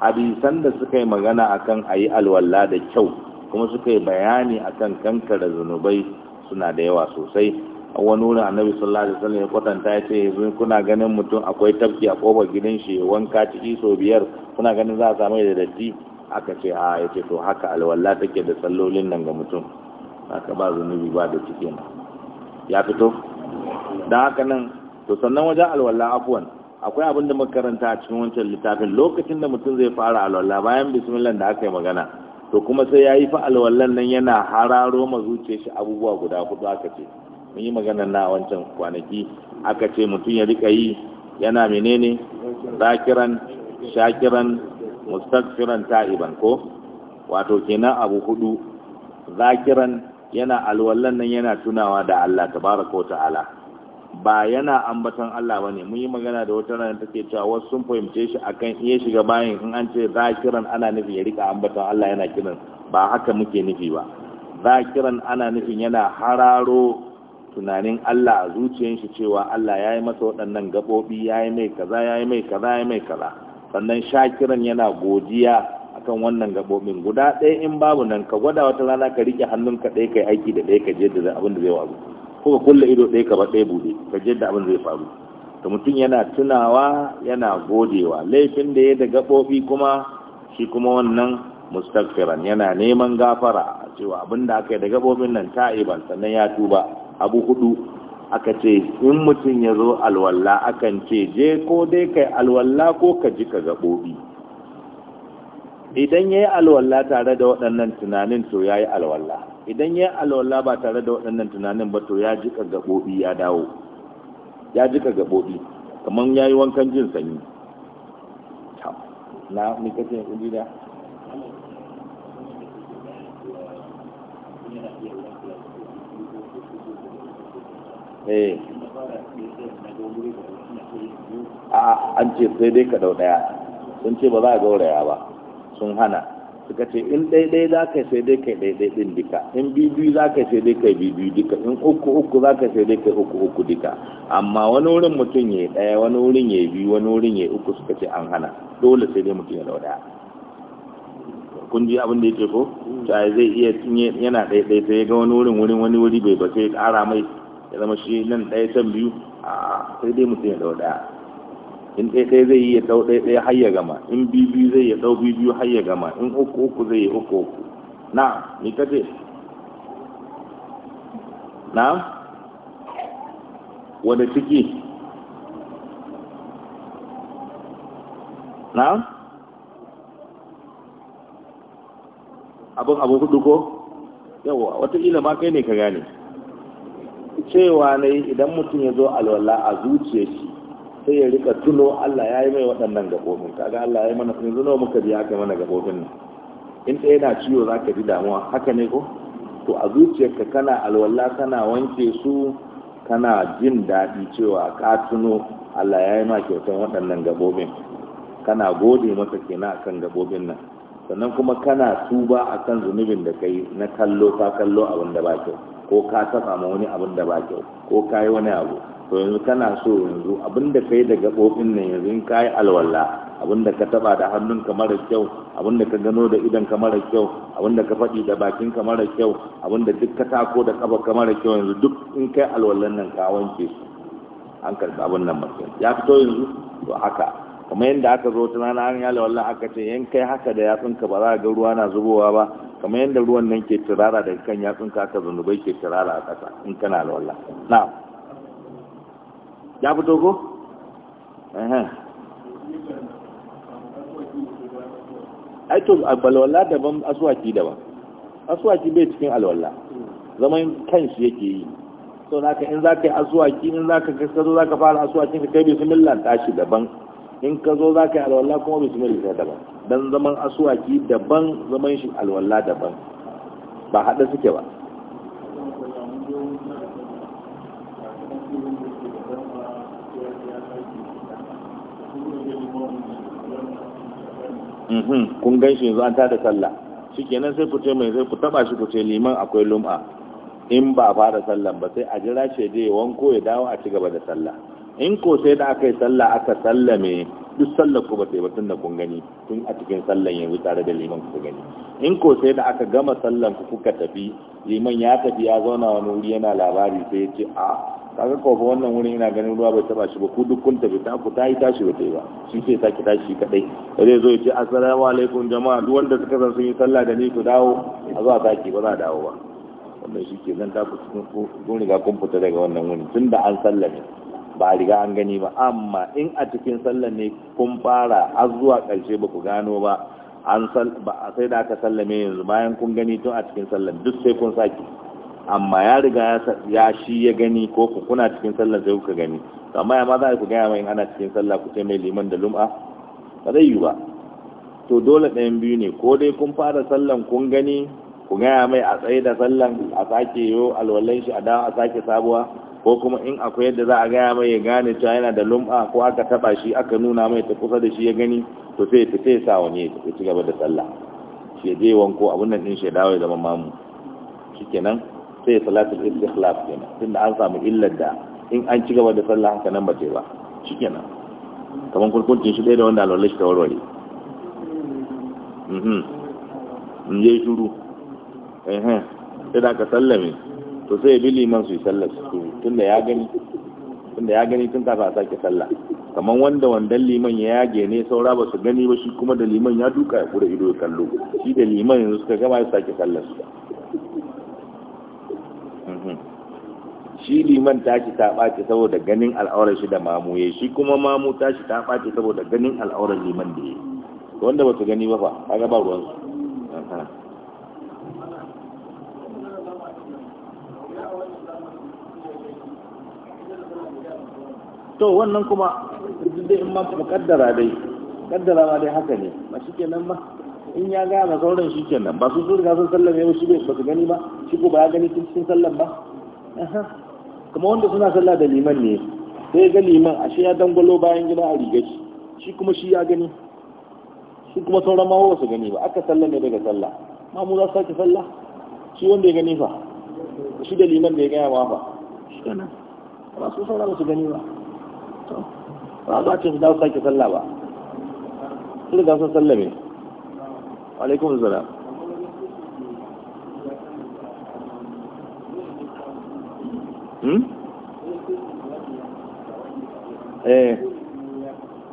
hadisan da suka yi magana akan ayi alwala da kyau kuma suka yi bayani akan kankare zunubai suna da yawa sosai wani wurin annabi sallallahu alaihi wasallam ya kwatanta ya ce yanzu kuna ganin mutum akwai tafki a kofar gidan shi wanka ciki sau biyar kuna ganin za a samu da datti aka ce a ya ce to haka alwala take da sallolin nan ga mutum haka ba zunubi ba da cikin ya fito don haka nan to sannan wajen alwala afuwan akwai abin da makaranta a cikin wancan littafin lokacin da mutum zai fara alwala bayan bismillah da aka yi magana to kuma sai ya yi fa alwallan nan yana hararo ma shi abubuwa guda hudu aka ce mun yi magana na wancan kwanaki aka ce mutum ya rika yi yana menene zakiran shakiran mustaghfiran ta'iban ko wato kenan abu hudu zakiran yana alwallan nan yana tunawa da Allah tabaraka wa ta'ala ba yana ambaton Allah bane mun yi magana da wata rana take cewa wasu sun fahimce shi akan iya shiga bayan in an ce zakiran ana nufin ya rika ambaton Allah yana kiran ba haka muke nufi ba zakiran ana nufin yana hararo tunanin Allah a zuciyar shi cewa Allah ya yi masa waɗannan gaɓoɓi ya yi mai kaza ya yi mai kaza ya yi mai kaza sannan shakiran yana godiya akan wannan gaɓoɓin guda ɗaya in babu nan ka gwada wata rana ka riƙe hannunka ɗaya ka yi aiki da ɗaya ka je da abin da zai wazo ko ka kulle ido ɗaya ka ba ɗaya buɗe ka je da abin da zai faru to mutum yana tunawa yana godewa laifin da ya da gaɓoɓi kuma shi kuma wannan mustaqfiran yana neman gafara cewa abin da aka yi da gaɓoɓin nan ta'iban sannan ya tuba abu hudu aka ce in mutum ya zo alwalla akan ce je ko dai kai alwalla ko ka ji ka gaɓoɓi idan ya yi alwalla tare da waɗannan tunanin to ya yi alwalla idan ya yi alwalla ba tare da waɗannan tunanin ba to ya ji ka gaɓoɓi ya dawo ya ji ka gaɓoɓi kamar ya yi wankan jin sanyi
na mikasin gida Eh.
an ce sai dai ka dau daya sun ce ba za a gauraya ba sun hana suka ce in daidai za ka sai dai kai daidai din duka in bibiyu za ka sai dai kai bibiyu duka in uku uku za ka sai dai kai uku uku duka amma wani wurin mutum ya daya wani wurin ya biyu wani wurin ya uku suka ce an hana dole sai dai mutum ya dau daya kun ji abin da yake ko ta zai iya yana daidai sai ya ga wani wurin wurin wani wuri bai ba sai ya kara mai ya zama shi nan ɗaya can biyu a sai dai mutum ya ɗau ɗaya in ɗaya ɗaya zai yi ya ɗau ɗaya ɗaya har ya gama in biyu biyu zai ya ɗau biyu biyu har ya gama in uku uku zai yi uku uku na ni ka ce na wanda ciki na abin abu hudu ko yawa watakila ma kai ne ka gane cewa ne idan mutum ya zo alwala a zuciya shi sai ya rika tuno Allah ya yi mai waɗannan gaɓoɓin kaga Allah ya yi mana yanzu nawa muka ji haka mana gabobin nan in ɗaya yana ciwo za ka ji damuwa haka ne ko to a zuciyarka kana alwala kana wanke su kana jin daɗi cewa ka tuno Allah ya yi ma kyautan waɗannan gabobin kana gode masa kenan akan gabobin nan sannan kuma kana tuba akan zunubin da kai na kallo ka kallo abin da ba kyau ko ka taba ma wani abin da ba kyau ko ka yi wani abu to yanzu kana so yanzu abin da ka yi da gaɓoɓin nan yanzu in ka yi alwala abin da ka taba da hannun ka mara kyau abin da ka gano da idan ka mara kyau abin da ka faɗi da bakin ka mara kyau abin da duk ka tako da ƙafa ka mara kyau yanzu duk in kai alwallan nan ka wanke su an karɓi abin nan mace ya fito yanzu to haka kamar yadda aka zo ta rana an yale wallan aka ce in kai haka da yatsunka ba za a ga ruwa na zubowa ba kamar yadda ruwan nan ke turara daga kan yatsunka aka zunubai ke turara a ƙasa in kana da wallan na ya fito ko ai to alwala daban asuwaki daban asuwaki bai cikin alwala zaman kanshi yake yi sau naka in za ka yi asuwaki in za ka kasar za ka fara aswakin ka kai bismillah tashi daban in ka zo za ka yi alwala kuma ta daban don zaman asuwaki daban zaman shi alwala daban ba haɗa suke ba
mhm, kun gan shi
yanzu an tada sallah shi kenan sai ku ce mai sai ku ba shi ku ce liman akwai lum'a in ba fara sallan ba sai a jira shaidai ya je wanko ya dawo a ci gaba da sallah in ko sai da aka yi sallah aka sallame duk sallar ku ba sai ba tunda kun gani tun a cikin sallan yanzu tare da liman ku gani in ko sai da aka gama sallan ku kuka tafi liman ya tafi ya zauna wani wuri yana labari sai ya ce a kaga kofa wannan wurin ina ganin ruwa bai taba shi ba ku duk kun tafi ta ku tayi tashi ba sai ba shi sai saki tashi kadai zai zo ya ce assalamu alaikum jama'a duk wanda suka san sun yi sallah da ni ku dawo a zuwa saki ba za a dawo ba wannan shi ke zan ku cikin ku riga kun fita daga wannan wuni tun da an sallame ba riga an gani ba amma in a cikin sallan ne kun fara har zuwa ƙarshe ba ku gano ba an sai da aka sallame yanzu bayan kun gani tun a cikin sallan duk sai kun saki amma ya riga ya shi ya gani ko ku kuna cikin sallan sai kuka gani amma ya ma za ku gaya mai ana cikin sallar ku ce mai liman da lum'a ba zai yi ba to dole ɗayan biyu ne ko dai kun fara sallan kun gani ku gaya mai a tsaye da sallan a sake yo alwallan shi a dawo a sake sabuwa ko kuma in akwai yadda za a gaya mai ya gane cewa yana da lum'a ko aka taba shi aka nuna mai ta kusa da shi ya gani to sai ta sai sa wani ya ci gaba da sallah shi je wanko abin nan din shi dawo ya zama mamu shikenan sai salatu istikhlaf kenan tunda an samu illar da in an ci gaba da sallah haka nan ba ce ba shikenan kaman kurkuncin shi ɗaya da wanda alwala shi ta warware mhm in yi shuru eh sai da ka sallame to sai bi liman su yi sallar su tunda ya gani tunda ya gani tun kafa a sake sallah kamar wanda wandan liman ya yage ne saura ba su gani ba shi kuma da liman ya duka ya kura ido ya kallo shi da liman yanzu suka gama ya sake sallar su mhm. shi liman tashi ta ɓace saboda ganin al'aurar shi da mamu ya shi kuma mamu tashi ta ɓace saboda ganin al'aurar liman da ya wanda ba su gani ba fa a gaba ruwansu to wannan kuma duk in ma mukaddara dai kaddara ma dai haka ne ba shi kenan ba in ya gane sauran shi kenan ba su sun sun sallame ne shi ba su gani ba shi ko ba ya gani tun cikin sallan ba kuma wanda suna sallah da liman ne sai ga liman shi ya dangwalo bayan gida a riga shi shi kuma shi ya gani shi kuma sauran ma ba su gani ba aka sallame daga sallah ma mu za su sake sallah shi wanda ya gani fa shi da liman da ya gaya ma fa
shi kenan ba su sauran ba su gani ba
ba hmm? eh,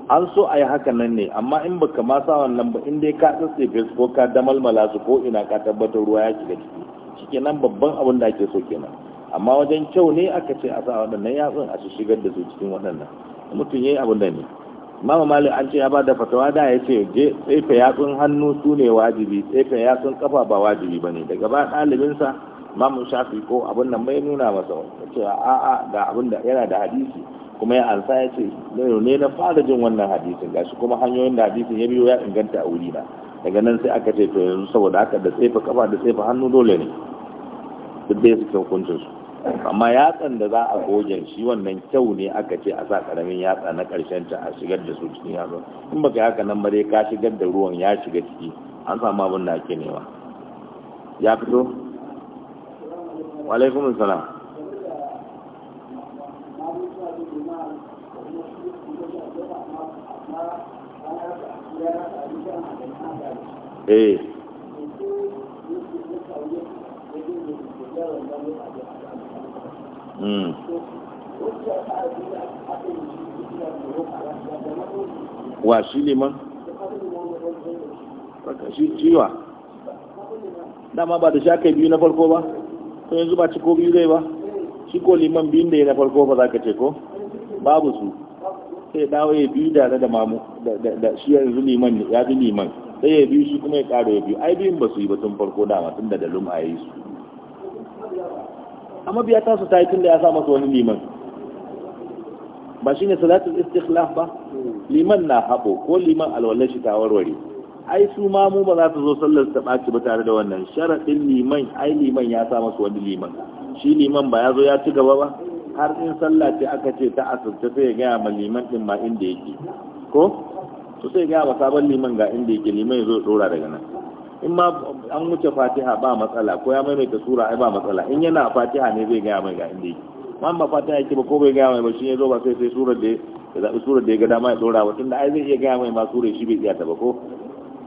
an so a yi haka nan ne amma in baka ma sa wannan ba inda dai ka tsatsefe fes ko ka damalmala su ko ina ka tabbatar ruwa ya shiga ciki shikenan babban abin da ake so kenan amma wajen kyau ne aka ce a sa waɗannan yatsun a shigar da su cikin waɗannan mutum ya yi abin da ne mama an ce ya ba da fatawa da ya ce je tsefe yatsun hannu su ne wajibi tsefe yatsun kafa ba wajibi ba ne daga ba ɗalibinsa mamun shafi ko abin nan mai nuna masa ga abin da yana da hadisi kuma ya ansa ya ce ne na fara jin wannan hadisin gashi kuma hanyoyin da hadisin ya biyo ya inganta a wuri na daga nan sai aka ce to yanzu saboda haka da tsefe kafa da tsefe hannu dole ne duk dai suke hukuncin su amma yatsan da za a gogen shi wannan kyau ne aka ce a sa karamin yatsa na karshen ta a shigar da su cikin yatsa in baka haka nan bare ka shigar da ruwan ya shiga ciki an samu abin da ake nema ya fito
alaikum eh Mm.
wa shi ne liman shi ciwa dama ba da shi aka biyu na farko ba to yanzu ba ci ko biyu zai ba shi ko liman biyun da ya na farko ba za ka ce ko babu su sai dawo ya biyu da da mamu da shi yanzu liman ya bi liman sai ya biyu shi kuma ya karo ya biyu ai biyun ba su yi ba tun farko dama tun da da lum'a yi su a biya ta su tayi tunda ya sa masa wani liman ba shi ne salatul istikhlaf ba liman na haɓo, ko liman alwala shi ta warware ai su ma mu ba za su zo sallar ta ɓaci ba tare da wannan sharaɗin liman ai liman ya sa masu wani liman shi liman ba ya zo ya ci gaba ba har in sallah ce aka ce ta asirce sai ya gaya ma liman ɗin ma inda yake ko to sai gaya ma sabon liman ga inda yake liman ya zo ɗora daga nan in ma an wuce fatiha ba matsala ko ya maimaita sura ai ba matsala in yana fatiha ne zai gaya mai ga inda yake amma fatiha yake ba ko bai gaya mai ba shi ya zo ba sai sai surar da ya zaɓi surar da ya ga dama ya ɗora wa tunda ai zai iya gaya mai ma surar shi bai iya ta ba ko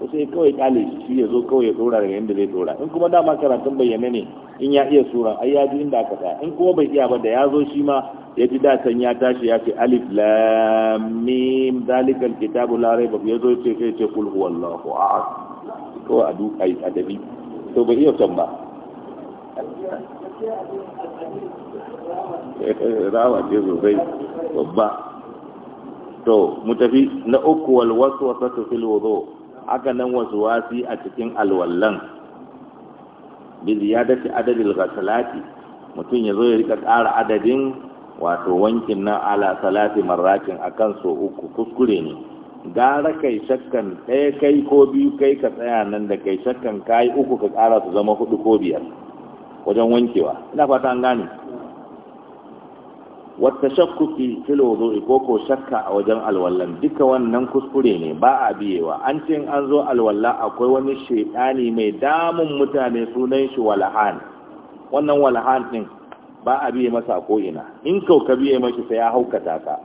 ko sai kawai kyale shi ya zo kawai ya dora daga inda zai dora in kuma dama karatun bayyana ne in ya iya sura ai ya ji inda aka tsaya in kuma bai iya ba da ya zo shi ma ya ji da can ya tashi ya ce alif lam mim zalikal kitabu la raiba ya zo ce kai ce kul huwallahu a'lam kawai a duka yi a dabi to bai iya can ba
rawa ce sosai babba
to mu tafi na uku wal wasu wasu wasu wudu aka nan wasu wasi a cikin alwallan bi ziyadati adadil ghasalati mutum ya zo ya rika ƙara adadin wato wankin nan ala salati a akan so uku kuskure ne gara kai shakkan ɗaya kai ko biyu kai ka tsaya nan da kai shakkan kayi uku ka kara su zama hudu ko biyar wajen wankewa ina fata an gane wata fi filo zo iko ko shakka a wajen alwallan duka wannan kuskure ne ba a biyewa an ce an zo alwalla akwai wani shaidani mai damun mutane sunan shi walahan wannan walahan din ba a biye masa ko ina in kau ka biye mashi sai ya haukata ka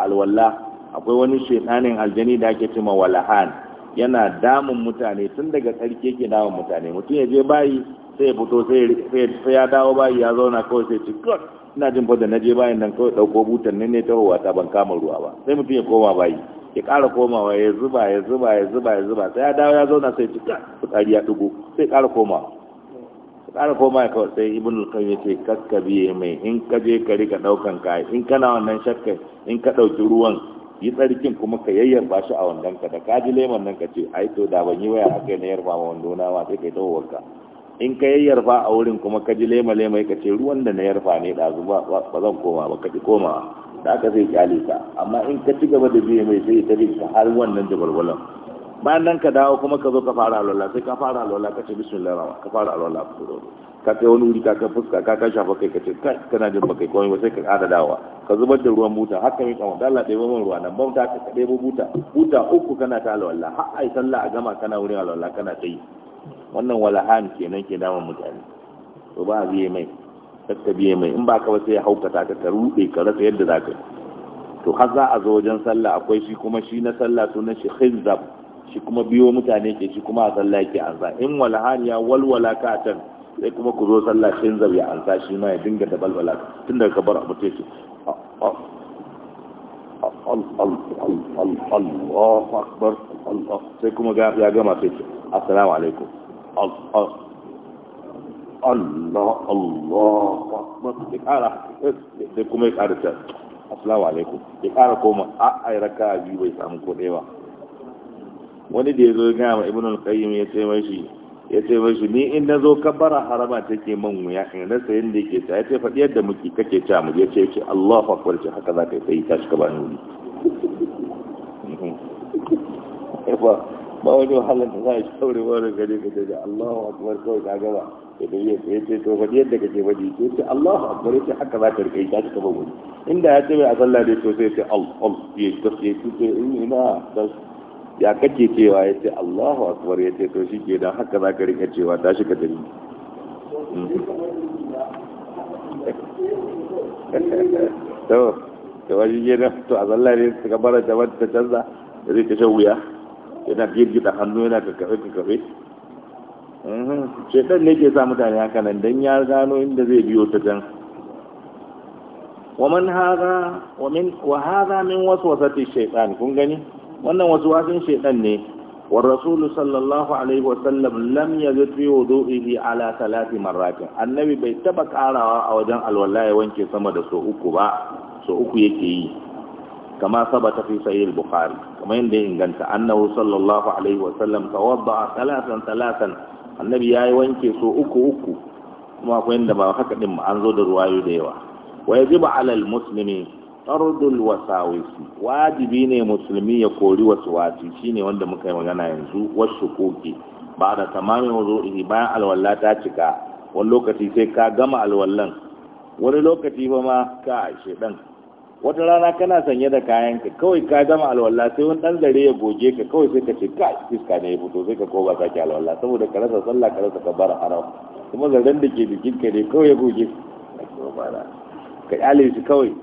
alwalla akwai wani shaitanin aljani da ake cewa walahan yana damun mutane tun daga tsarki yake damun mutane mutum ya je bayi sai ya fito sai ya dawo bayi ya zauna kawai sai ci god ina jin fa na je bayin nan kawai dauko butan ne ne tahowa ta ban kama ruwa ba sai mutum ya koma bayi ya ƙara komawa ya zuba ya zuba ya zuba ya zuba sai ya dawo ya zauna sai ci god fitsari ya dugo sai ƙara komawa ƙara koma kawai sai ibn al-qayyim yace kakkabi mai in ka je ka rika daukan kai in kana wannan shakka in ka dauki ruwan yi tsarkin kuma ka ba shi a wandon ka da ka ji leman nan ka ce ai to da ban yi waya kai na yarba ma wando na ma sai kai ta wanka in ka yayyar ba a wurin kuma ka ji lema lema ka ce ruwan da na yarfa ne da zuba ba zan koma ba ka ji komawa da aka zai kyale amma in ka ci gaba da biye mai sai ta rinka har wannan dabalbalan bayan nan ka dawo kuma ka zo ka fara alwala sai ka fara alwala ka ce bismillah rama ka fara alwala ka zo ka kai wani wuri ka kai fuska ka kai shafa kai ka ce kai kana jin baka komai ba sai ka kada dawa ka zubar da ruwan buta haka mai kama dalla ɗebo min ruwa nan bauta ka ka ɗebo buta buta uku kana ta alwala har ai sallah a gama kana wurin alwala kana ta yi wannan walahan kenan ke damun mutane to ba biye mai ka biye mai in ba ka ba sai ya haukata ka ka ruɗe ka rasa yadda za ka yi to har za a zo wajen sallah akwai shi kuma shi na sallah sunan shi khizab shi kuma biyo mutane ke shi kuma a sallah ke ansa in walhani ya walwala ka can sai kuma ku zo sallah shin zabi ya ansa shi ma ya dinga da balbala tun daga kabar abu ta Allahu akbar Allah sai kuma ya gama sai ce assalamu alaikum Allah Allahu akbar kara sai kuma ya kara ta assalamu alaikum kara koma a ai biyu bai samu ko ba wani da ya zo gaya ma ibn al-qayyim ya ce shi ya ce shi ni in na zo kabbara harama take man wuya in rasa da yake ta ya ce faɗi yadda muke kake ta mu ya ce ce Allahu akbar ce haka za ka yi sai tashi ka ba ni ba ba wani wahalar da za a shaure wani gari ka ce Allahu akbar kawai ka gaba ya ce to faɗi yadda kake faɗi ya ce Allahu akbar ce haka za ka rika yi tashi ka ba inda ya ce mai a sallah ne to sai ya ce Allah Allah ya ce ina ya kake cewa ya ce Allahu akbar ya ce to shi ke don haka za ka rika cewa ta shi ka tafi to da wani ne na to a zalla ne suka bara da wata canza da zai kashe wuya yana girgita hannu yana kakafe kakafe mhm. shekar ne ke sa mutane haka nan don ya gano inda zai biyo ta can ومن هذا ومن وهذا من وسوسة الشيطان kun gani? wannan wasu wasin shaitan ne wa rasulu sallallahu alaihi wa sallam lam yazid fi wudu'ihi ala salati marratin annabi bai taba karawa a wajen alwala wanke sama da so uku ba so uku yake yi kama sabata fi sahih al-bukhari kama yanda inganta annahu sallallahu alaihi wa sallam tawadda salatan salatan annabi yayi wanke so uku uku kuma akwai inda ba haka din an zo da ruwayo da yawa wa yajibu ala al-muslimi tardul wasawisi wajibi ne musulmi ya kori wasu waswasi shine wanda muka yi magana yanzu wasu koke ba da tamamin wuzu'i bayan alwallah ta cika wani lokaci sai ka gama alwallan wani lokaci ba ma ka shedan wata rana kana sanye da kayan ka kawai ka gama alwallah sai wani dan gare ya goge ka kawai sai ka ce ka iska ne ya fito sai ka koba ka ki alwala saboda ka rasa sallah ka rasa kabar haram kuma zaren da ke bikin ka ne kawai ya goge ka ka kyale shi kawai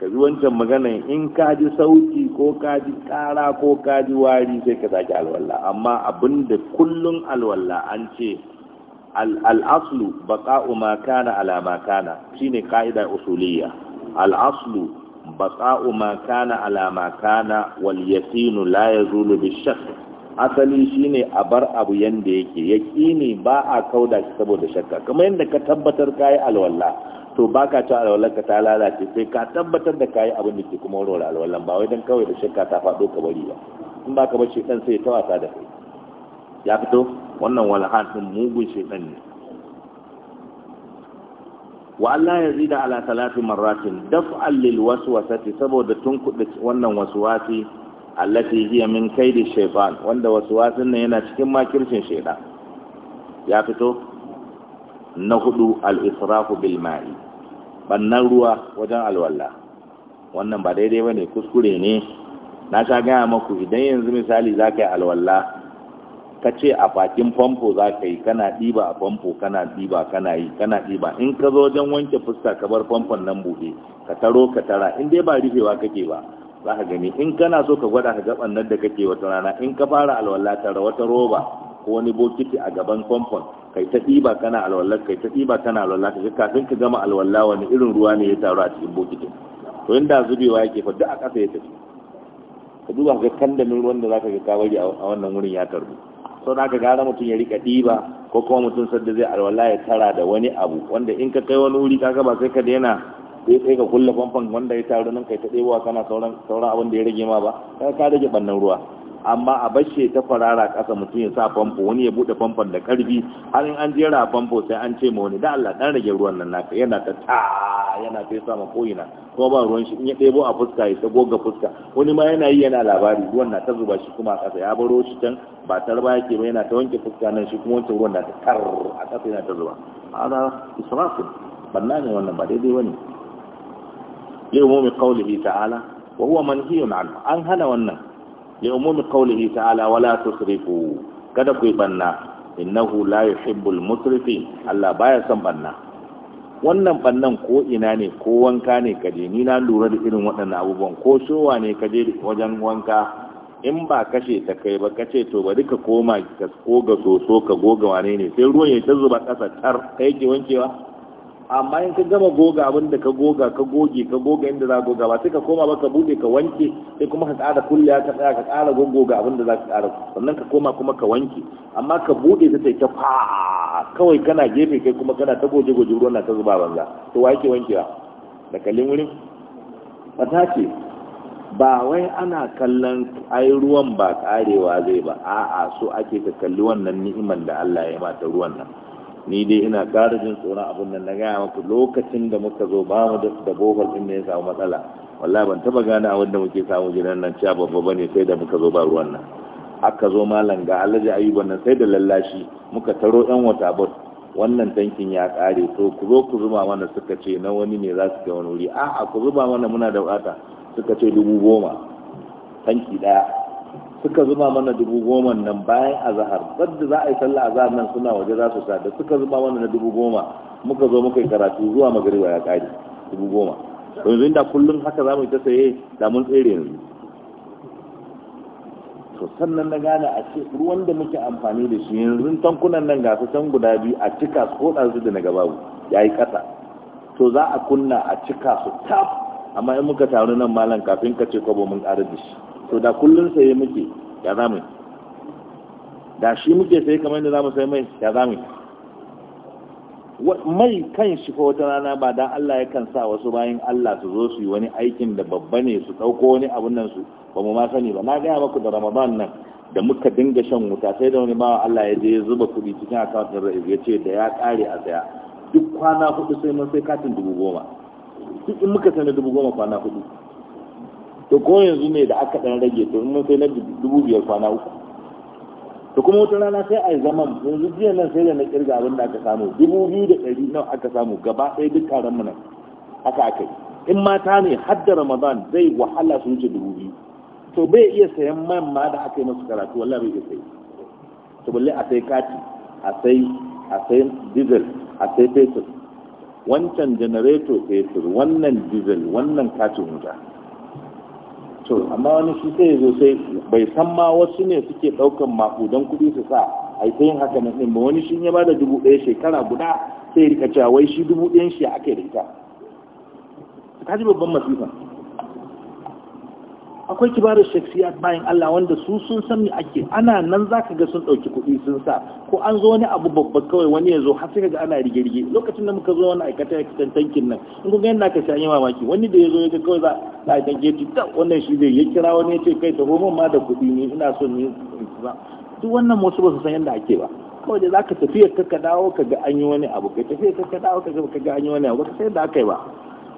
ka ji wancan magana in ka ji sauki ko ka ji kara ko ka ji wari sai ka zaki alwalla amma abin da kullum alwalla an ce al'aslu baqa'u ma kana ala ma kana shine ka'ida usuliyya al'aslu baqa'u ma kana ala kana wal yaqinu la yazulu bi shakk asali shine a bar abu yanda yake yaqini ba a kauda shi saboda shakka kamar yanda ka tabbatar kai alwalla to ba ka ci alwalan ka ta lalace sai ka tabbatar da kayi abin da ke kuma wani alwalan ba wai don kawai da shakka ta faɗo ka bari ba in ba ka bar ɗan sai ta wasa da kai ya fito wannan walhan ɗin mugun shedan ne wa Allah ya zida ala talatin marratin daf'al lil waswasati saboda tunkuɗe wannan waswasi allati hiya min kaidi shaytan wanda waswasin nan yana cikin makircin shaytan ya fito na hudu al israfu bil ma'i bannan ruwa wajen alwala wannan ba daidai ba ne kuskure ne na sha gaya maku idan yanzu misali za ka yi alwala ka ce a bakin famfo za ka yi kana ɗiba a famfo kana ɗiba kana yi kana ɗiba in ka zo wajen wanke fuska ka bar famfon nan buɗe ka taro ka tara in dai ba rufewa kake ba za ka gani in kana so ka gwada ka gaban nan da kake wata rana in ka fara alwala tara wata roba ko wani bokiti a gaban famfon kai ta ɗiba kana alwallah kai ta ɗiba kana alwallah ka kafin ka gama alwallah wani irin ruwa ne ya taru a cikin bokiti to inda zubewa yake fa duk a ƙasa ya tafi ka duba ga kandamin ruwan da zaka ga ka bari a wannan wurin ya tarbu sau da ka gara mutum ya rika ɗiba ko kuma mutum sadda zai alwala ya tara da wani abu wanda in ka kai wani wuri kaga ba sai ka daina sai sai ka kulle famfon wanda ya taru nan kai ta ɗebowa kana sauran sauran abin da ya rage ma ba ka ka rage bannan ruwa amma a bashe ta farara ƙasa mutum ya sa famfo wani ya buɗe famfon da ƙarfi har in an jera famfo sai an ce ma wani da Allah dan rage ruwan nan naka yana ta ta yana ta sa ma koyina kuma ba ruwan shi in ya ɗebo a fuska ya ta goga fuska wani ma yana yi yana labari ruwan na ta zuba shi kuma a ƙasa ya baro shi can ba tarba yake ba yana ta wanke fuska nan shi kuma wancan ruwan na ta kar a ƙasa yana ta zuba hada israfu banna ne wannan ba daidai bane li'umumi qawlihi ta'ala wa huwa manhiyun an hana wannan li umumi qawlihi ta'ala wala tusrifu kada ku yi banna innahu la yuhibbul musrifin Allah baya son banna wannan bannan ko ina ne ko wanka ne kaje ni na lura da irin waɗannan abubuwan ko showa ne kaje wajen wanka in ba kashe ta kai ba kace to bari ka koma ka ko ga soso ka goga wane ne sai ruwan ya ta zuba ƙasa tar kai ke wankewa amma in ka gama goga abinda ka goga ka goge ka goga inda za goga ba sai ka koma ba ka bude ka wanke sai kuma ka tsara kulle ka tsaya ka tsara gogoga abinda za ka tsara sannan ka koma kuma ka wanke amma ka bude ta ta fa kawai kana gefe kai kuma kana ta goge goge ruwan na ta zuba banza to wa yake wankewa da kallin wurin fata ce ba wai ana kallon ai ruwan ba karewa zai ba a'a so ake ka kalli wannan ni'imar da Allah ya mata ruwan nan ni dai ina ƙara jin tsoron abin nan na gaya maku lokacin da muka zo ba mu da bohol din ya samu matsala wallahi ban taba gane abin da muke samu gidan nan cewa babba ne sai da muka zo ba ruwan nan aka zo malam ga alhaji ayuba nan sai da lallashi muka taro yan wata bot wannan tankin ya kare to ku zo ku zuba mana suka ce na wani ne za su kai wani wuri a'a ku zuba mana muna da bukata suka ce dubu goma tanki ɗaya. suka zuma mana dubu goma nan bayan azahar wadda za a yi sallah azahar nan suna waje za su sada suka zuma mana na dubu goma muka zo muka yi karatu zuwa magariba ya kare dubu goma yanzu inda kullum haka za mu yi ta saye da mun tsere yanzu to sannan na gane a ce ruwan da muke amfani da shi yanzu tankunan nan ga su can guda biyu a cika su ko su da na gaba ya yi kasa to za a kunna a cika su amma in muka taru nan malam kafin ka ce kwabo mun ƙara da shi to da kullun sai muke ya zamu da shi muke sai kamar yadda zamu sai mai ya zamu mai kan shi ko wata rana ba dan Allah yakan sa wasu bayin Allah su zo su yi wani aikin da babba ne su dauko wani abun nan su ba mu ma sani ba na ga maku da Ramadan nan da muka dinga shan wuta sai da wani bawa Allah ya je ya zuba kudi cikin account din Raif ya ce da ya kare a tsaya duk kwana hudu sai mun sai katin dubu goma duk in muka sani dubu goma kwana hudu to ko yanzu ne da aka dan rage to mun sai na dubu biyar kwana uku to kuma wata rana sai a yi zaman yanzu jiya nan sai da na kirga abin da aka samu dubu biyu da ɗari nan aka samu gaba ɗaya duk taron mu nan haka aka yi in mata ne har da ramadan zai wahala su wuce dubu biyu to bai iya sayan man ma da aka yi masu karatu wallahi bai iya sayi to balle a sai kati a sai a sai diesel a sai fetur wancan generator fetur wannan diesel wannan katin wuta to amma wani shi sai zo sai bai san ma wasu ne suke ɗaukan makudan kuɗi su sa a yi yin haka na ɗin ba wani shi ya ba da dubu ɗaya shekara guda sai rika cewa wai shi dubu ɗayan shi aka yi rika ka ji babban masifa. akwai kibarar shaksiya bayan Allah wanda su sun san me ake ana nan za ka ga sun ɗauki kuɗi sun sa ko an zo wani abu babba kawai wani ya zo har sai ga ana rige-rige lokacin da muka zo wani aikata ya tankin nan in kuma ga yadda aka sanya mamaki wani da ya zo ya ga kawai za a tanke shi ta wannan shi zai ya kira wani ya ce kai ta goma ma da kuɗi ne ina son ba duk wannan wasu ba su san yadda ake ba kawai da zaka tafiya ka dawo ka ga an yi wani abu ka tafiya ka dawo ka ga an yi wani abu ka sai da aka yi ba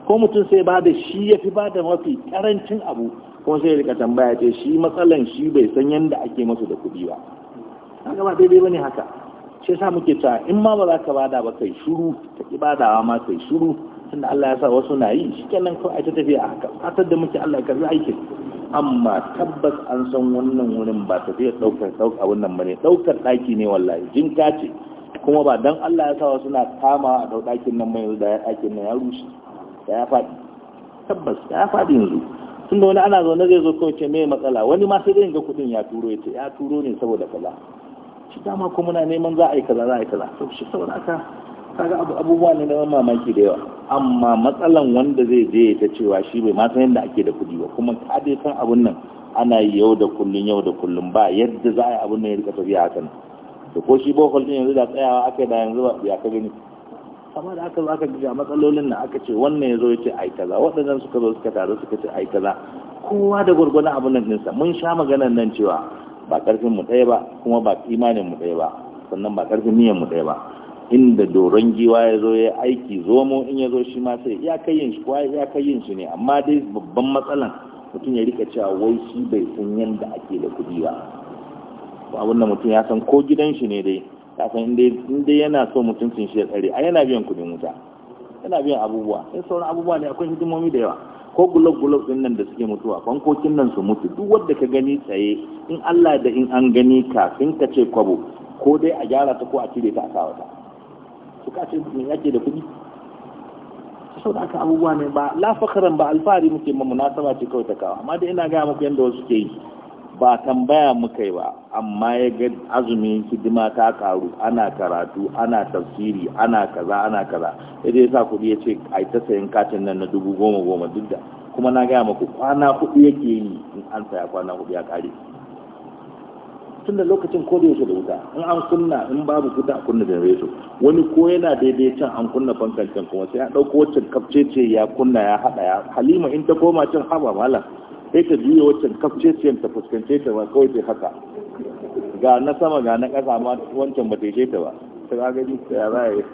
ko mutum sai ba da shi ya fi ba da mafi karancin abu kuma sai rika tambaya ce shi matsalan shi bai san yadda ake masu da kuɗi ba haka ba daidai bane haka shi yasa muke ta in ma ba za ka bada ba kai shuru ta ki badawa ma kai shuru tunda Allah ya sa wasu na yi shikenan ko a ta tafiya a haka fatar da muke Allah ka zai aikin amma tabbas an san wannan wurin ba tafiya daukar daukar wannan bane daukar daki ne wallahi jinka ce kuma ba dan Allah ya sa wasu na kama a dau dakin nan mai da dakin nan ya rushe ya faɗi tabbas ya faɗi yanzu tun da wani ana zaune zai zo kawai ce mai matsala wani ma sai dai ga kuɗin ya turo ya ce ya turo ne saboda kaza shi dama ko muna neman za a yi kaza za a yi kaza to shi saboda haka kaga abubuwa ne na mamaki da yawa amma matsalan wanda zai je ta cewa shi bai ma san yadda ake da kuɗi ba kuma ka dai san abun nan ana yi yau da kullun yau da kullun ba yadda za a yi abun nan ya rika tafiya haka to ko shi bohol din yanzu da tsayawa aka da yanzu ba ya ka gani amma da aka zo aka a matsalolin da aka ce wannan ya zo ya ce ai kaza waɗannan suka zo suka taru suka ce ai kaza kowa da gwargwadon abin nan ɗinsa mun sha maganar nan cewa ba ƙarfin mu ɗaya ba kuma ba imanin mu ɗaya ba sannan ba ƙarfin niyan mu ɗaya ba inda doron giwa ya zo ya aiki zomo in ya zo shi ma sai ya kai yin shi kuwa ya kai yin shi ne amma dai babban matsalan mutum ya rika cewa wai shi bai san yanda ake da kuɗi ba abin da mutum ya san ko gidan shi ne dai kafin inda yana so mutuncin shi ya tsare a yana biyan kudin wuta yana biyan abubuwa sai sauran abubuwa ne akwai hidimomi da yawa ko gulob-gulob din nan da suke mutuwa bankokin nan su mutu duk wanda ka gani tsaye in Allah da in an gani kafin ka ce kwabo ko dai a gyara ta ko a cire ta a sa wata su ka ce ya yake da kuɗi sau da aka abubuwa ne ba lafakaran ba alfahari muke ma munasaba ce kawai ta kawo amma dai ina gaya muku yadda wasu ke yi ba tambaya muka yi ba amma ya ga azumin hidima ta karu ana karatu ana tafsiri ana kaza ana kaza idan ya sa kuɗi ya ce a ta sayin katin nan na dubu goma goma duk da kuma na gaya muku kwana kuɗi yake yi in an saya kwana kuɗi ya kare tun da lokacin ko da yaushe da wuta in an kunna in babu kuɗi a kunna janareto wani ko yana daidai can an kunna fankan can kuma sai ya ɗauko wacce kafce ce ya kunna ya haɗa ya halima in ta koma can haba malam sai ta juya waccan ce ta fuskance ta ba kawai sai haka ga na sama ga na ƙasa ma wancan ba ta ta ba ta gagari ta ya za a yi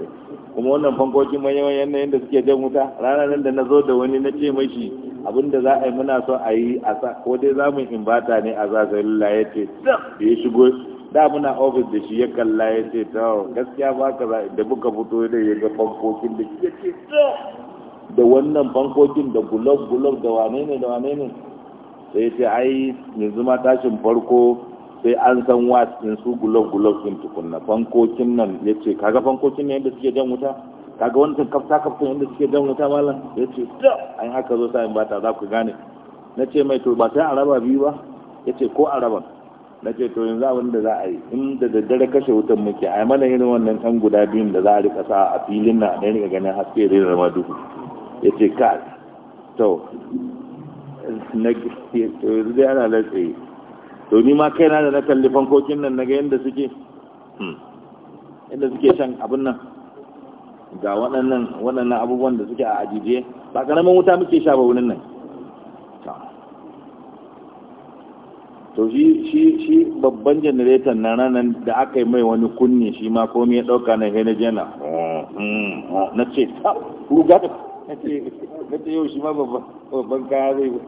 kuma wannan fankokin manyan na yadda suke jan wuta ranar nan da na zo da wani na ce mai shi abinda za a yi muna so a yi a sa ko dai za mu in bata ne a zazarilla ya ce da ya shigo da muna ofis da shi ya kalla ya ce ta gaskiya ba ka za da muka fito da ya ga fankokin da da wannan fankokin da gulob gulob da wane ne da wane ne sai ce ai yanzu ma tashin farko sai an san watsin su gulob gulob din tukunna fankokin nan ya ce kaga fankokin nan yadda suke jan wuta kaga wani kafta kaftan yadda suke jan wuta malam ya ce an haka zo sa'in bata za ku gane na ce mai to ba sai araba biyu ba ya ce ko araba na ce to yanzu abin da za a yi in da daddare kashe wutan muke a mana irin wannan kan guda biyun da za a rika sa a filin na a rika ganin haske da rama duhu ya ce ka to na to yanzu dai ana latsaye to ni ma kaina da na kalli fankokin nan naga yadda suke hmm. yadda suke shan abin nan ga waɗannan waɗannan abubuwan da suke a ajiye ba ƙaramin wuta muke sha ba wurin nan to shi shi shi babban janareton na ranar da aka yi mai wani kunni shi ma komai ya ɗauka na hena jana hmm, hmm, na ce ta ruga ta kace yau shi ma babban kaya zai ba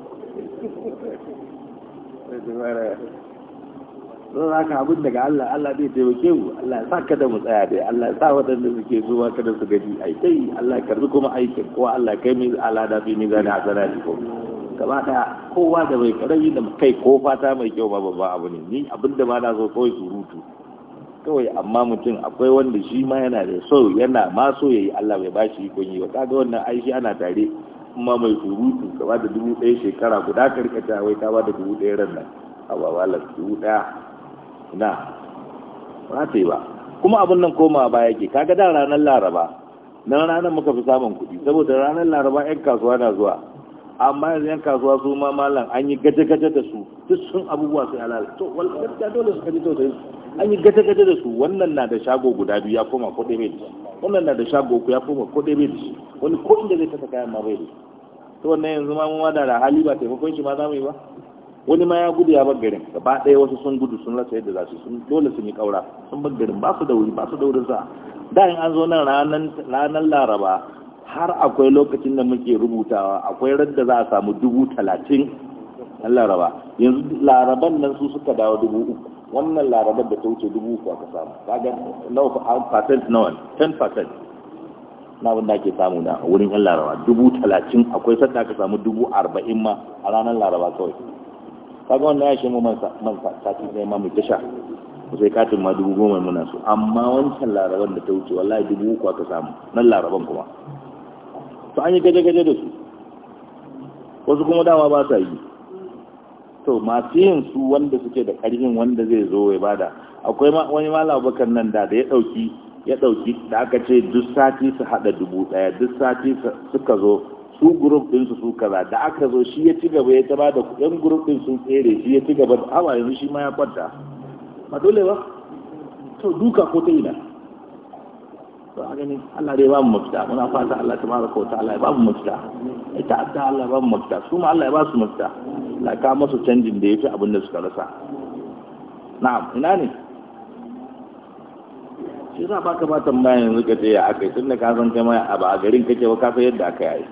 don haka abin daga Allah Allah zai taimake mu Allah sa ka da mu tsaya dai Allah sa waɗanda suke zuwa kada su gaji ai dai Allah karbi kuma aikin kowa Allah kai mai da fi mai zani hasana ne ko gaba ta kowa da mai karami da kai ko fata mai kyau ba babba abu ne ni abin da ba na zo kawai surutu kawai amma mutum akwai wanda shi ma yana da so yana ma so yayi Allah bai bashi ikon yi ba kaga wannan ai ana tare kuma mai surutu ka bada dubu ɗaya shekara guda karkata wai ka bada dubu ɗaya ran nan a wala dubu ɗaya na ba ta ba kuma abin nan koma ba yake kaga da ranar laraba na ranar muka fi samun kuɗi saboda ranar laraba 'yan kasuwa na zuwa amma yanzu yan kasuwa su ma malam an yi gaje-gaje da su duk sun abubuwa sai halal to wal gaskiya dole su kaji tausayin an yi gaje-gaje da su wannan na da shago guda biyu ya koma ko ɗaya bai da wannan na da shago uku ya koma ko ɗaya bai da wani ko inda zai kasa kayan ma bai da to wannan yanzu ma mun wada da hali ba taimakon shi ma za mu yi ba wani ma ya gudu ya bar garin gaba ɗaya wasu sun gudu sun rasa yadda za su sun dole sun yi ƙaura sun bar garin ba su da wuri ba su da wurin sa da in an zo nan ranar laraba har akwai lokacin da muke rubutawa akwai radda za a samu dubu talatin na laraba yanzu laraban nan su suka dawo dubu uku wannan larabar da ta wuce dubu uku aka samu kaga nawa percent nawa 10 percent na abin da ake samu na wurin yan laraba dubu talatin akwai sadda aka samu dubu arba'in ma a ranar laraba kawai kaga wannan ya shi mu man sati sai ma mu tasha sai katin ma dubu goma muna so amma wancan laraban da ta wuce wallahi dubu uku aka samu nan laraban kuma su an yi gaje-gaje da su wasu kuma dama ba sa yi to masu yin su wanda suke da karfin wanda zai zo ya bada akwai wani malam bakar nan da da ya dauki ya dauki da aka ce duk sati su hada dubu daya duk sati suka zo su group din su su kaza da aka zo shi ya ci gaba ya taba da kudin group din sun tsere shi ya ci gaba da hawa yanzu shi ma ya kwanta ba dole ba to duka ko ta ina to a Allah dai ba mu mafita muna fata Allah tabaraka wa ta'ala ya ba mu mafita ita ta'adda Allah ya ba mu mafita su ma Allah ya ba su mafita la ka masu canjin da yafi abin da suka rasa na'am ina ne shi za ba ka ba tambaya yanzu ka ce ya akai tun da ka san kai ma a garin kake ba ka san yadda aka yi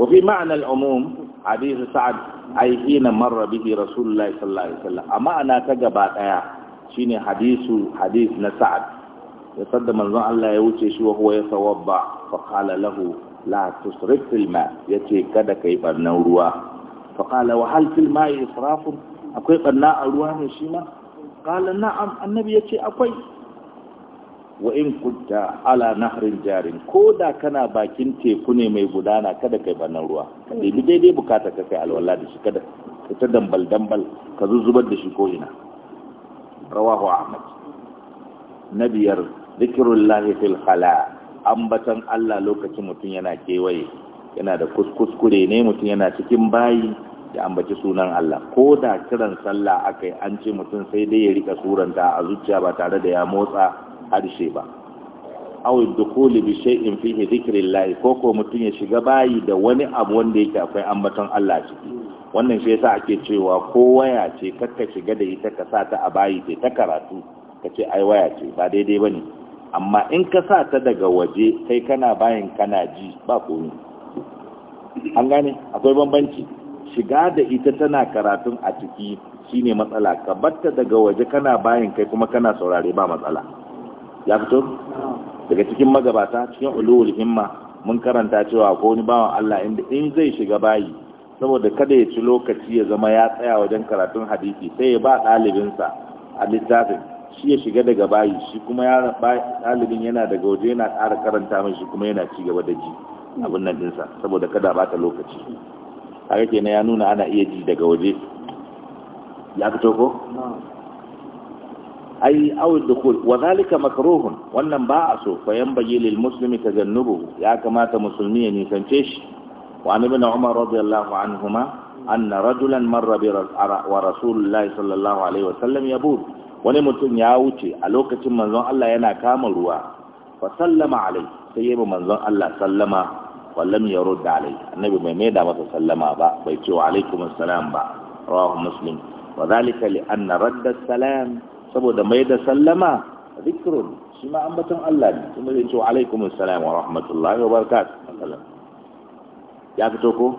wa fi ma'anar umum hadisi sa'ad ai hina marra bihi rasulullahi sallallahu alaihi wasallam amma ana ta gaba daya shine hadisu hadis na sa'ad ya sadda manzon Allah ya wuce shi wa huwa ya tawabba fa qala lahu la tusrif fil ma yace kada kai barna ruwa fa qala wa hal fil ma israf akwai barna a ruwa ne shi ma qala na'am annabi yace akwai wa in kunta ala nahrin jarin ko da kana bakin teku ne mai gudana kada kai barna ruwa dai daidai bukata ka kai alwala da shi kada ka ta dambal dambal ka zuzubar da shi ko ina rawahu ahmad na biyar zikirullahi fil khala ambatan Allah lokacin mutum yana kewaye yana da kuskure ne mutum yana cikin bayi ya ambaci sunan Allah ko da kiran sallah yi an ce mutum sai dai ya rika suranta a zuciya ba tare da ya motsa harshe ba aw dukuli bi shay'in fihi lahi ko ko mutum ya shiga bayi da wani abu wanda yake akwai ambaton Allah ciki wannan shi yasa ake cewa ko waya ce kakka shiga da ita ka sa ta a bayi ce ta karatu ka ce ai waya ce ba daidai bane amma in ka sa ta daga waje sai kana bayan kana ji ba komi an gane akwai bambanci shiga da ita tana karatun a ciki shine matsala ka batta daga waje kana bayan kai kuma kana saurare ba matsala ya fito daga cikin magabata cikin ulul himma mun karanta cewa ko ni bawan Allah inda in zai shiga bayi saboda kada ya ci lokaci ya zama ya tsaya wajen karatun hadisi sai ya ba dalibinsa a littafin shi ya shiga daga bayi shi kuma ɗalibin yana daga waje yana ƙara karanta mai shi kuma yana ci gaba da ji abin nan dinsa saboda kada bata lokaci haka kenan ya nuna ana iya ji daga waje ya fito ko ai awul dukul wa zalika makruhun wannan ba a so fa yanbaghi lil muslimi jannubu ya kamata musulmi ya nisance shi wa na umar radiyallahu anhuma anna rajulan marra bi wa rasulullahi sallallahu alaihi wasallam wani mutum ya wuce a lokacin manzon Allah yana kama ruwa fa sallama alai sai yayi manzon Allah sallama wallam ya rudda alai annabi bai maida masa sallama ba bai ce wa alaikum assalam ba rawahu muslim wa zalika li anna radda salam saboda maida sallama zikrun shi ma ambaton Allah ne kuma zai ce wa alaikum assalam wa rahmatullahi wa barakatuh ya fito ko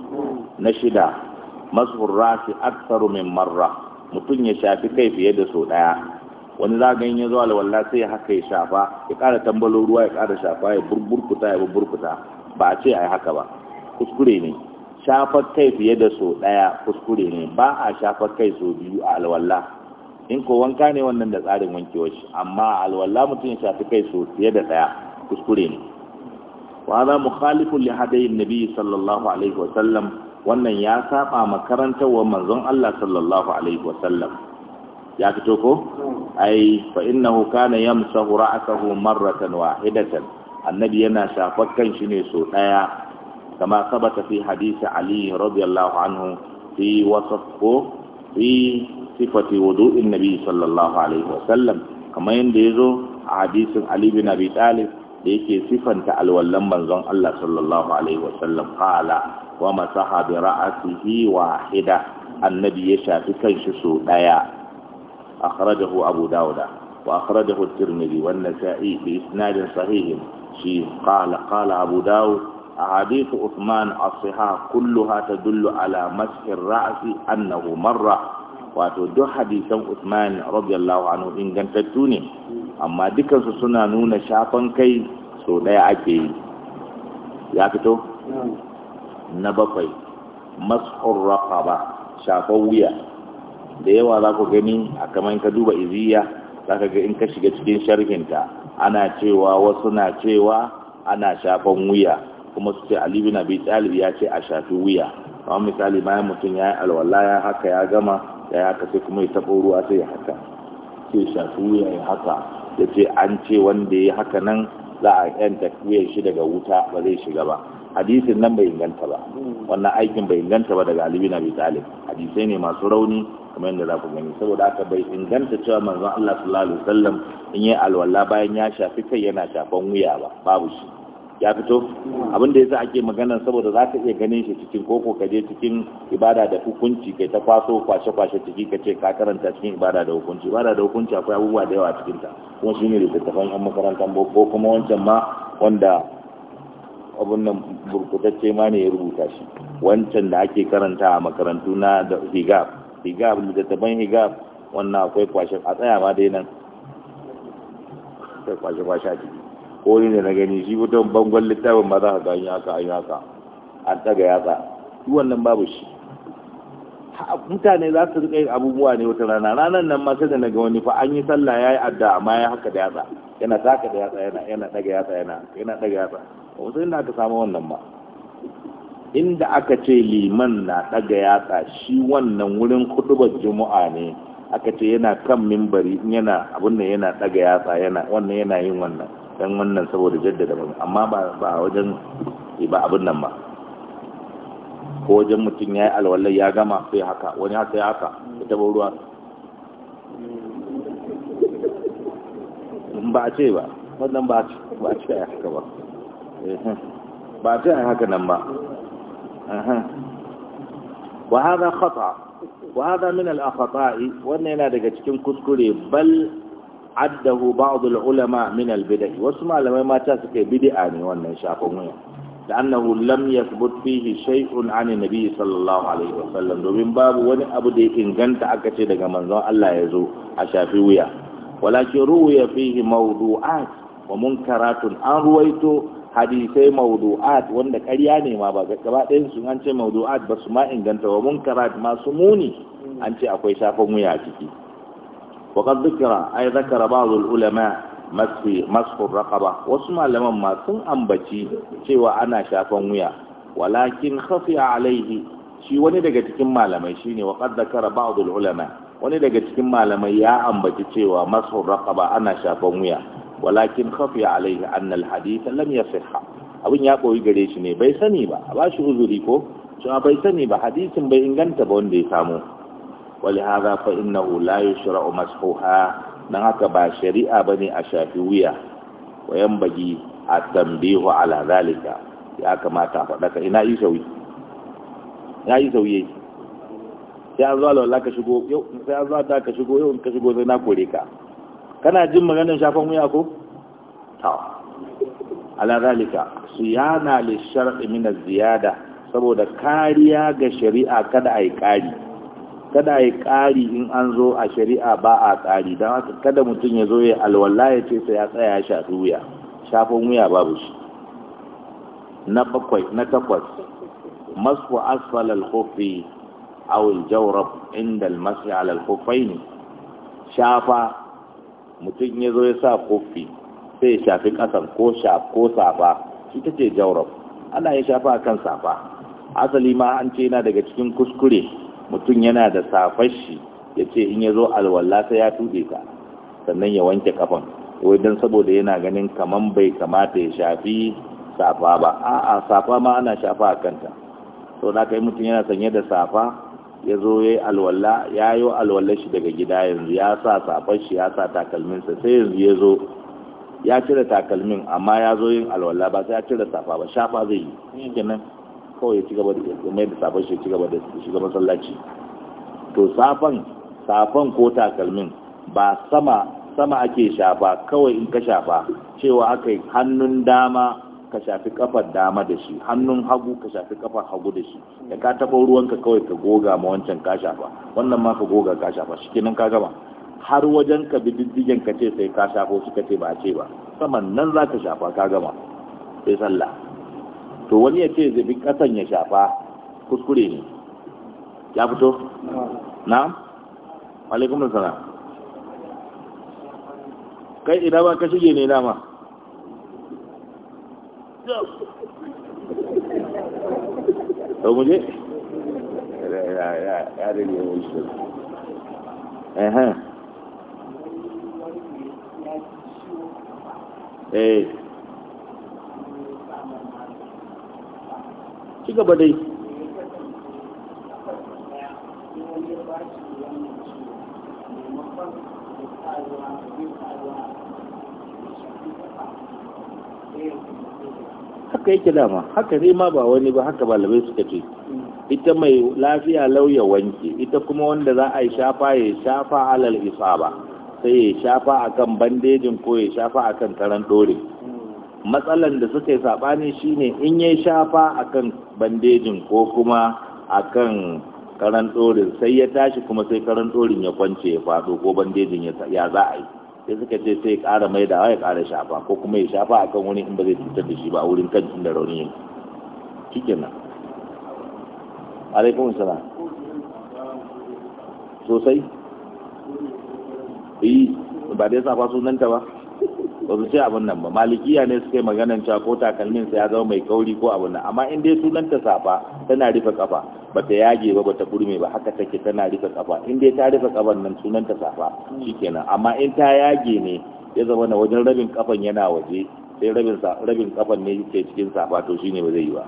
na shida mashhur rasi aktsaru min marra mutum ya shafi kai fiye da sau daya wani zagayen ya zo alwala sai haka ya shafa ya ƙara tambalo ruwa ya ƙara shafa ya burburkuta ya burburkuta ba a ce a yi haka ba kuskure ne shafar kai fiye da so ɗaya kuskure ne ba a shafar kai so biyu a alwala in ko wanka ne wannan da tsarin wankewar shi amma a alwala mutum ya shafi kai so fiye da ɗaya kuskure ne wa za mukhalifun li hadayin nabi sallallahu alaihi wa sallam wannan ya saba makarantar wa manzon Allah sallallahu alaihi wa sallam ya fito ko ai fa innahu kana yamsahu ra'sahu marratan wahidatan annabi yana shafar kan ne so daya kama sabata fi hadisi ali radiyallahu anhu fi fi sifati wudu'in nabi sallallahu alaihi wasallam yanda yazo a hadisin ali bin abi talib da yake sifanta alwallan manzon Allah sallallahu alaihi wasallam qala wa masaha bi ra'sihi wahida annabi ya shafi kanshi so daya أخرجه أبو داود وأخرجه الترمذي والنسائي بإسناد صحيح شيء قال قال أبو داود أحاديث عثمان الصحاح كلها تدل على مسح الرأس أنه مر وتدو حديث عثمان رضي الله عنه إن كانت تتوني أما ذكر سنة نون شافا كي سوداء أكي يا كتو نبقي مسح الرقبة شافوية da yawa za ku gani a kamar ka duba iziya za ka ga in ka shiga cikin sharhinta ana cewa wasu na cewa ana shafan wuya kuma su ce alibi na abi talib ya ce a shafi wuya kamar misali bayan mutum ya yi alwala ya haka ya gama ya haka sai kuma ya taɓo ruwa sai ya haka sai shafi wuya ya haka ya ce an ce wanda ya haka nan za a yanta wuyan shi daga wuta ba zai shiga ba hadisin nan bai inganta ba wannan aikin bai inganta ba daga Ali bin Abi hadisai ne masu rauni kamar yadda za ku gani saboda aka bai inganta cewa manzon Allah sallallahu alaihi wasallam in yi alwala bayan ya shafi kai yana shafan wuya ba babu shi ya fito abin da yasa ake magana saboda za ka iya ganin shi cikin koko ka je cikin ibada da hukunci kai ta kwaso kwashe kwashe ciki ka ce ka karanta cikin ibada da hukunci ibada da hukunci akwai abubuwa da yawa cikin ta kuma shine littattafan yan makarantar boko kuma wancan ma wanda abun nan burkutacce ma ne ya rubuta shi wancan da ake karanta a makarantu na da higab higab littattafan higab wannan akwai kwashe a tsaya ma dai nan akwai kwashe kwashe a ciki ko ne da na gani shi wutan bangon littafin ba za ka gani haka an haka an taga yatsa duk wannan babu shi mutane za su rika yin abubuwa ne wata rana ranar nan ma sai da ga wani fa an yi sallah ya yi adda amma ya haka da yatsa yana taka da yatsa yana yana daga yatsa yana yana daga yatsa wasu inda aka samu wannan ba inda aka ce liman na daga yatsa shi wannan wurin kudubar juma'a ne aka ce yana kan mimbari yana abin nan yana daga yatsa yana wannan yana yin wannan dan wannan saboda jaddada amma ba ba wajen ba abin nan ba ko wajen mutum ya yi alwallar ya gama sai haka wani haka ya haka ya taba ruwa ba a ce ba wannan ba a ce a haka ba ba a ce a eh, haka nan ba wa haza khata wa haza min al-akhata'i wannan yana daga cikin kuskure bal addahu ba'd al-ulama min al-bid'ah wasu malamai mata suka bid'a ne wannan shafin wuya لأنه لم يثبت فيه شيء عن النبي صلى الله عليه وسلم domin babu wani abu da ya inganta aka ce daga manzon Allah ya zo a shafi wuya walakin ruwiya fihi mawdu'at wa munkaratun an ruwaito hadisai mawdu'at wanda karya ne ma ba gaba ɗayan an ce mawdu'at ba su ma inganta wa munkarat masu muni an ce akwai shafan wuya a ciki wa qad dhikra ay dhakara ba'd al ulama masfur raqaba wasu malaman ma sun ambaci cewa ana shafan wuya walakin khafiya alaihi shi wani daga cikin malamai shine wa qad zakara ba'd ulama wani daga cikin malamai ya ambaci cewa masfur raqaba ana shafan wuya walakin khafiya alaihi an alhadith lam yasihha abin ya koyi gare shi ne bai sani ba ba shi uzuri ko cewa bai sani ba hadisin bai inganta ba wanda ya samu ولهذا فإنه لا يشرع مسحها don haka ba shari'a ba ne a shafi wuya wayan bagi a tambihu ala zalika ya kamata faɗaka ina yi sauyi ya yi sauye sai an zuwa lalla ka shigo yau sai an da ka shigo yau ka shigo sai na kore ka kana jin maganar shafan wuya ko ta ala zalika siyana li shar'i min az-ziyada saboda kariya ga shari'a kada ai kari kada ya ƙari in an zo a shari'a ba a ƙari don haka kada mutum ya zo ya alwala ya ce sai ya tsaya ya shafi wuya shafin wuya babu shi na bakwai na takwas masu asfal kofi a aw al-jawrab inda al-mas'i ala al shafa mutum ya zo ya sa kofi sai ya shafi kasan ko shaf ko safa shi ta ce jawrab ana ya shafa kan safa asali ma an ce na daga cikin kuskure mutum yana da safar shi ya ce in ya zo alwala sai ya tuɗe ka, sannan ya wanke kafan wai don saboda yana ganin kaman bai kamata ya shafi safa ba a'a safa ma ana shafa a kanta sau na kai mutum yana sanye da safa ya zo ya yi alwala ya yi alwala shi daga gida yanzu ya sa safar shi ya sa takalminsa sai yanzu ya zo ya cire takalmin amma ya zo yin alwala ba sai ya cire safa ba shafa zai yi kawai ci gaba da mai da safan shi ci gaba da shiga masallaci to safan safan ko takalmin ba sama sama ake shafa kawai in ka shafa cewa aka yi hannun dama ka shafi kafar dama da shi hannun hagu ka shafi kafar hagu da shi da ka taɓa ruwanka kawai ka goga ma wancan ka shafa wannan ma ka goga ka shafa shi kenan ka gama har wajen ka bi diddigen ka ce sai ka shafo suka ce ba ce ba saman nan za ka shafa ka gama sai sallah to wani ya ce zabi kasan ya shafa kuskure ne ya fito na alaikum sana kai idan ba ka shige ne dama to muje ya ya ya da ne wuce
eh eh
ci gaba dai haka yake dama haka zai ma ba wani ba haka balabai suka ce ita mai lafiya lauya wanke ita kuma wanda za a yi shafa ya shafa alal ba sai ya shafa akan bandejin ko ya shafa akan taron dorin matsalan da suka yi saɓani shine in ya shafa akan bandejin ko kuma akan karan ɗorin sai ya tashi kuma sai karan ɗorin ya kwance ya faɗo ko bandejin ya za a yi sai suka ce sai ƙara mai da ya ƙara shafa ko kuma ya shafa akan wani in ba zai cutar da shi ba a wurin kan da rauni ne cikin nan alaikun salam sosai yi eh, ba dai safa sunanta ba ba su ce abin nan ba malikiya ne suka yi maganan cewa ko takalmin sa ya zama mai kauri ko abin nan amma in dai sunan ta safa tana rufe kafa ba ta yage ba ta kurme ba haka take tana rufe kafa in dai ta rufe kafan nan sunan ta safa shikenan amma in ta yage ne ya zama na wajen rabin kafan yana waje sai rabin rabin kafan ne yake cikin safa to shine ba zai yi ba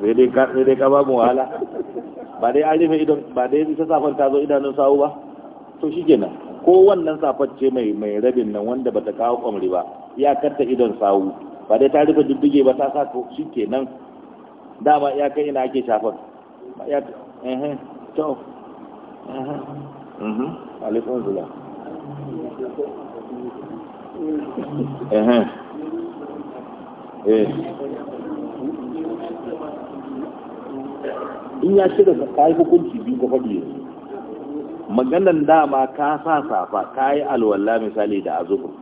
sai dai ka sai dai ka ba mu wahala ba dai an rufe idon ba dai ta safan ta zo idanun sawu ba to shikenan ko wannan safar ce mai mai rabin nan wanda bata kawo kwamri ba ya karta idon sawu ba dai ta rufe diddige ba ta sa to shikenan dama ya kai ina ake shafar ya eh
to eh mhm alaikum salam eh, eh eh in ya shiga ka yi
hukunci biyu ka faɗi yanzu maganan dama ka sa safa ka yi alwala misali da azubin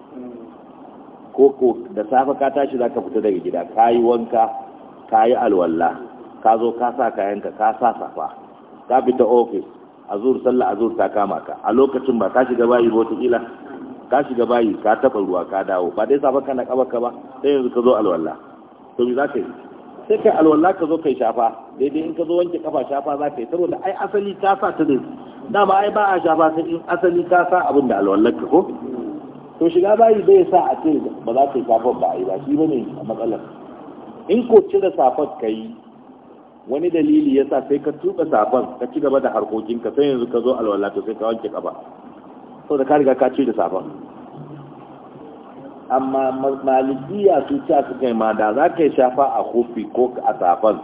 ko ko da safa ka tashi za ka fita daga gida ka yi wanka ka yi alwala ka zo ka sa kayanka ka sa safa ka fita ofis azur sallah azur ta kama ka a lokacin ba ka shiga bayi ba wata ka shiga bayi ka taɓa ruwa ka dawo ba dai safa kana kaba ka ba sai yanzu ka zo alwala to me za ka yi sai kai alwala ka zo kai shafa daidai in ka zo wanke kafa shafa za ka yi saboda ai asali ta sa ta da dama ai ba a shafa sai in asali ta sa abin da alwala ka ko to shiga bayi bai sa a ce ba za ka yi shafa ba a yi ba shi ba ne a matsalar in ko cire safar ka yi wani dalili ya sa sai ka tuka safan ka ci gaba da harkokinka sai yanzu ka zo alwala to sai ka wanke kafa saboda ka riga ka cire safan amma malikiya su ta su kai ma da za ka yi shafa a kofi ko a safan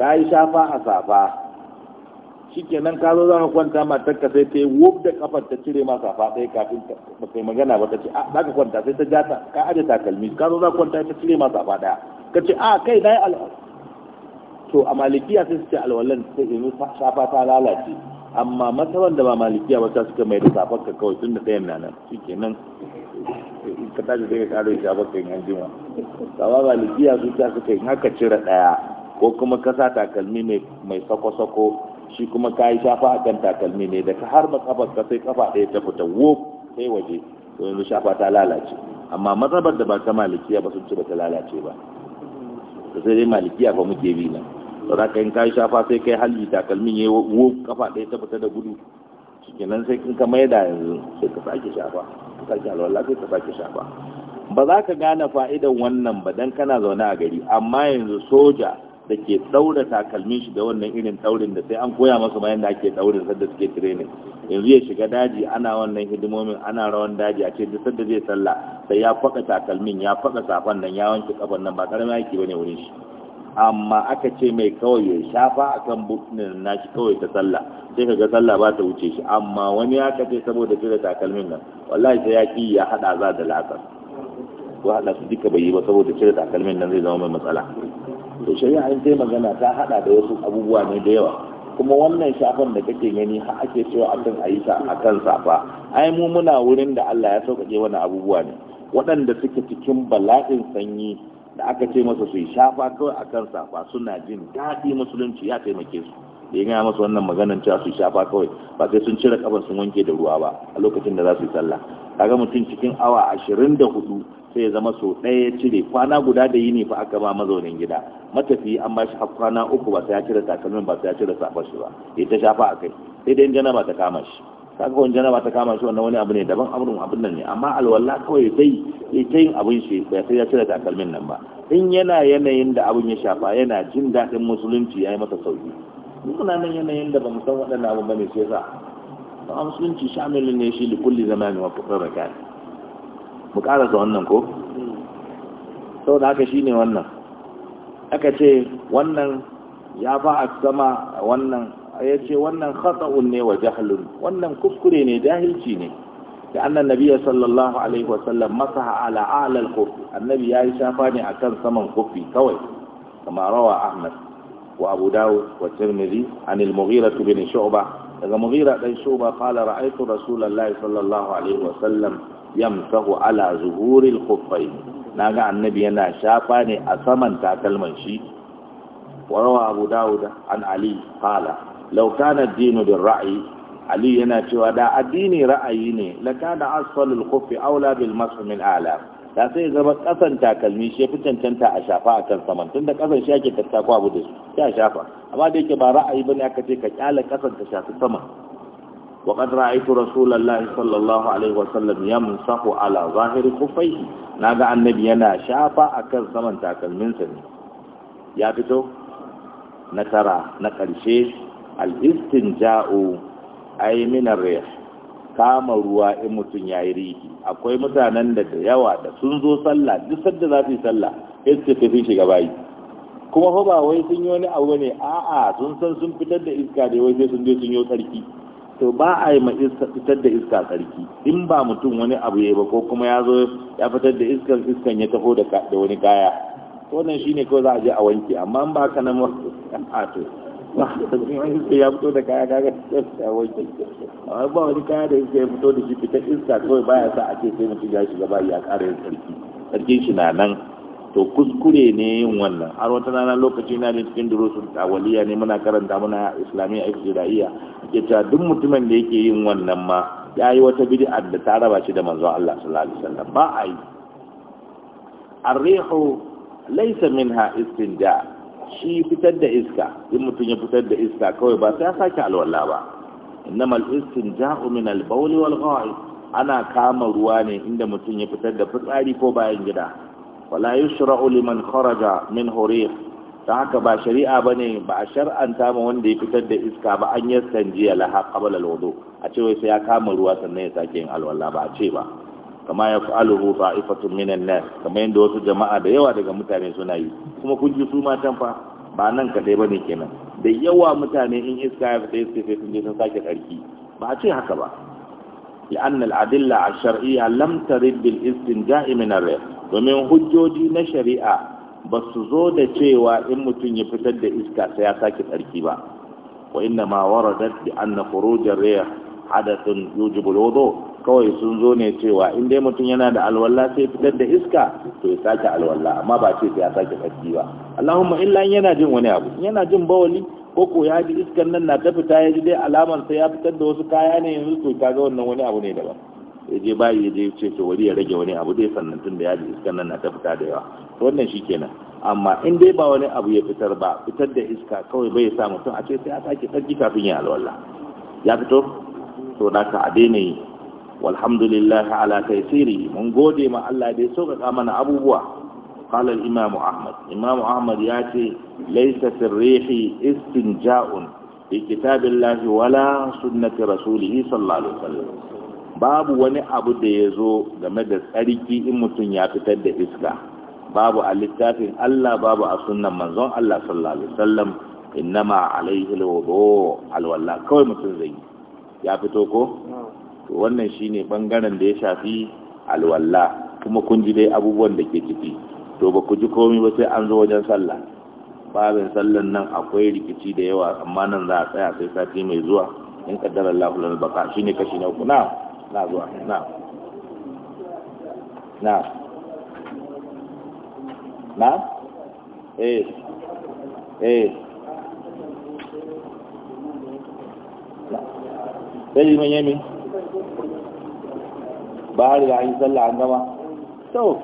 ka yi shafa a safa shi nan ka zo za ka kwanta matarka sai ta yi wuf da kafar ta cire ma safa sai kafin ba kai magana ba ta ce za ka kwanta sai ta jata ka aje takalmi ka zo za ka kwanta ta cire ma safa daya ka ce a kai na yi alwal to a malikiya sai su ce alwalan sai yanzu shafa ta lalace amma masaban da ba malikiya ba ta suka mai da safar ka kawai tun da ɗayan na nan shi nan ka tashi sai ka karo shi ba kai an jima amma malikiya su ta suka kai haka cire daya ko kuma ka sa takalmi mai sako-sako shi kuma ka yi shafa a kan takalmi ne da ka har ba kafar ka sai kafa ɗaya ta fita wo sai waje to yanzu shafa ta lalace amma matsabar da ba ta malikiya ba sun ci ba ta lalace ba to sai dai malikiya ba muke bi nan to za ka yi kayi shafa sai kai halli takalmin ya wo wuf kafa ɗaya ta fita da gudu shi kenan sai kin ka maida yanzu sai ka sake shafa ka sai ka sake shafa ba za ka gane fa'idan wannan ba dan kana zaune a gari amma yanzu soja da ke daura takalmin shi da wannan irin daurin da sai an koya masa bayan da ake daurin sadda suke training yanzu ya shiga daji ana wannan hidimomin ana rawan daji a ce duk sadda zai sallah sai ya faka takalmin ya faka safan nan ya wanke kafan nan ba karama aiki bane wurin shi amma aka ce mai kawai ya shafa akan na shi kawai ta sallah sai ga sallah ba ta wuce shi amma wani ya kace saboda cire takalmin nan wallahi sai ya ki ya hada za da lakar ko hada su duka bai yi ba saboda cire takalmin nan zai zama mai matsala to shari'a in sai magana ta hada da wasu abubuwa ne da yawa kuma wannan shafan da kake gani har ake cewa akan ayyuka kan safa ai mu muna wurin da Allah ya sauƙaƙe wani abubuwa ne waɗanda suke cikin bala'in sanyi da aka ce masa su yi shafa kawai a kan safa suna jin daɗi musulunci ya taimake su da ya gaya masa wannan maganan cewa su shafa kawai ba sai sun cire kafan sun wanke da ruwa ba a lokacin da za su yi sallah kaga mutum cikin awa ashirin da hudu sai ya zama so ɗaya ya cire kwana guda da yini fa aka ba mazaunin gida matafi an ba shi kwana uku ba sai ya cire takalmin ba sai ya cire safar shi ba ya ta shafa a kai sai dai jana ba ta kama shi kaga wani janaba ta kama shi wannan wani abu ne daban abun abun nan ne amma alwala kawai zai ya ta yin abin shi ba sai ya cire takalmin nan ba in yana yanayin da abun ya shafa yana jin daɗin musulunci ya yi masa sauki muna nan yanayin da ba mu san waɗannan abu ne sai sa ba musulunci shamilin ne shi da kulli zamani wa kufar rakat mu karasa wannan ko saboda haka ne wannan aka ce wannan ya fa a sama wannan ya ce wannan khata'un ne wa jahilun wannan kuskure ne jahilci ne da annan nabiya sallallahu alaihi wasallam masaha ala alal kufi annabi ya yi shafa ne akan saman kufi kawai kama rawa ahmad wa abu dawud wa tirmidhi an al-mughira bin shu'ba daga mughira dan shu'ba qala ra'aytu rasulullahi sallallahu alaihi wasallam yamsahu ala zuhuril khuffain naga annabi yana shafa ne a saman takalman shi wa وروى أبو داود an Ali, قال laukanar dinu bin ra'ayi ali yana cewa da addini ra'ayi ne lakana asfalul kofi aula bil masu min ala da sai zama kasan takalmi shi fi cancanta a shafa a kan saman tunda kasan shi ake tattako abu da shi ya shafa amma da yake ba ra'ayi ba ne aka ce ka kyala kasan ta shafi sama وقد رأيت رسول الله صلى الله عليه وسلم يمسح على ظاهر Na ga Annabi yana shafa akan saman takalminsa ne ya fito na tara na ƙarshe al-istinja'u ay min ar-rih kama ruwa in mutun yayi rihi akwai mutanen da da yawa da sun zo sallah duk sanda za su yi sallah iska ta fi shiga bayi kuma fa ba wai sun yi wani abu ne a'a sun san sun fitar da iska da wai sai sun je sun yi sarki to ba a yi ma fitar da iska sarki in ba mutum wani abu ya ba ko kuma ya zo ya fitar da iskan iskan ya taho da wani kaya wannan shine kawai za a je a wanke amma in ba ka nan a to ya fito da kaya kaga a wanke amma ba wani kaya da ya fito da shi fitar iska kawai baya sa ake sai mutum ya shiga ba ya ƙara yin sarki sarkin shi na nan to kuskure ne yin wannan har wata rana lokaci na ne cikin durusun tawaliya ne muna karanta muna islamiyya ibtidaiya ke cewa duk mutumin da yake yin wannan ma ya yi wata bid'a da ta raba shi da manzon Allah sallallahu alaihi wasallam ba a yi الريح ليس منها استنجاء shi fitar da iska in mutum ya fitar da iska kawai ba sai ya sake alwala ba innamal istinja'u min al-bawl wal gha'id ana kama ruwa ne inda mutum ya fitar da fitsari ko bayan gida wala yushra'u liman kharaja min hurih dan haka ba shari'a bane ba a shar'anta ma wanda ya fitar da iska ba an yasanjiya laha qabla al-wudu a ce wai sai ya kama ruwa sannan ya sake yin alwala ba a ce ba kama ya fa'aluhu ta'ifatun minan nas kamar yadda wasu jama'a da yawa daga mutane suna yi kuma kun ji su matan fa ba nan kadai bane kenan da yawa mutane in iska ya fita iska sai sun je sun sake tsarki ba a ce haka ba لأن الأدلة الشرعية لم ترد بالاستنجاء من الريح domin hujjoji na shari'a ba su zo da cewa in mutum ya fitar da iska sai ya sake tsarki ba wa inna ma waradat bi anna khuruj ar-rih hadathun yujibu al-wudu kawai sun zo ne cewa in dai mutum yana da alwala sai fitar da iska to ya sake alwala amma ba ce sai ya sake tsaki ba Allahumma illa yana jin wani abu yana jin bawali ko ko ya ji iskan nan na ta fita ya ji dai alamar sai ya fitar da wasu kaya ne yanzu to ga wannan wani abu ne daban ya je bayi ya je ce to wani ya rage wani abu dai sannan tun da ya ji iskan nan na ta fita da yawa to wannan shi kenan. amma in dai ba wani abu ya fitar ba fitar da iska kawai bai sa mutum a ce sai ya sake tsarki kafin ya alwala ya fito to naka a daina yi walhamdulillah ala taisiri mun gode ma Allah da ya sauƙaƙa mana abubuwa قال الإمام أحمد إمام أحمد ياتي ليس في الريح استنجاء في كتاب الله ولا سنة رسوله صلى الله عليه وسلم babu wani abu da ya zo game da tsarki in mutum ya fitar da iska babu a littafin Allah babu a sunan manzon Allah sallallahu alaihi wasallam innama alaihi alwudu alwala kawai mutum zai ya fito ko to wannan shi ne ɓangaren da ya shafi alwalla kuma kun ji dai abubuwan da ke ciki to ba ku ji komai ba sai an zo wajen sallah babin sallan nan akwai rikici da yawa amma nan za a tsaya sai sati mai zuwa in kaddara Allahu lana baka shine kashi na uku na zuwa na na na eh eh sai mai yami ba har da an yi sallah an gama to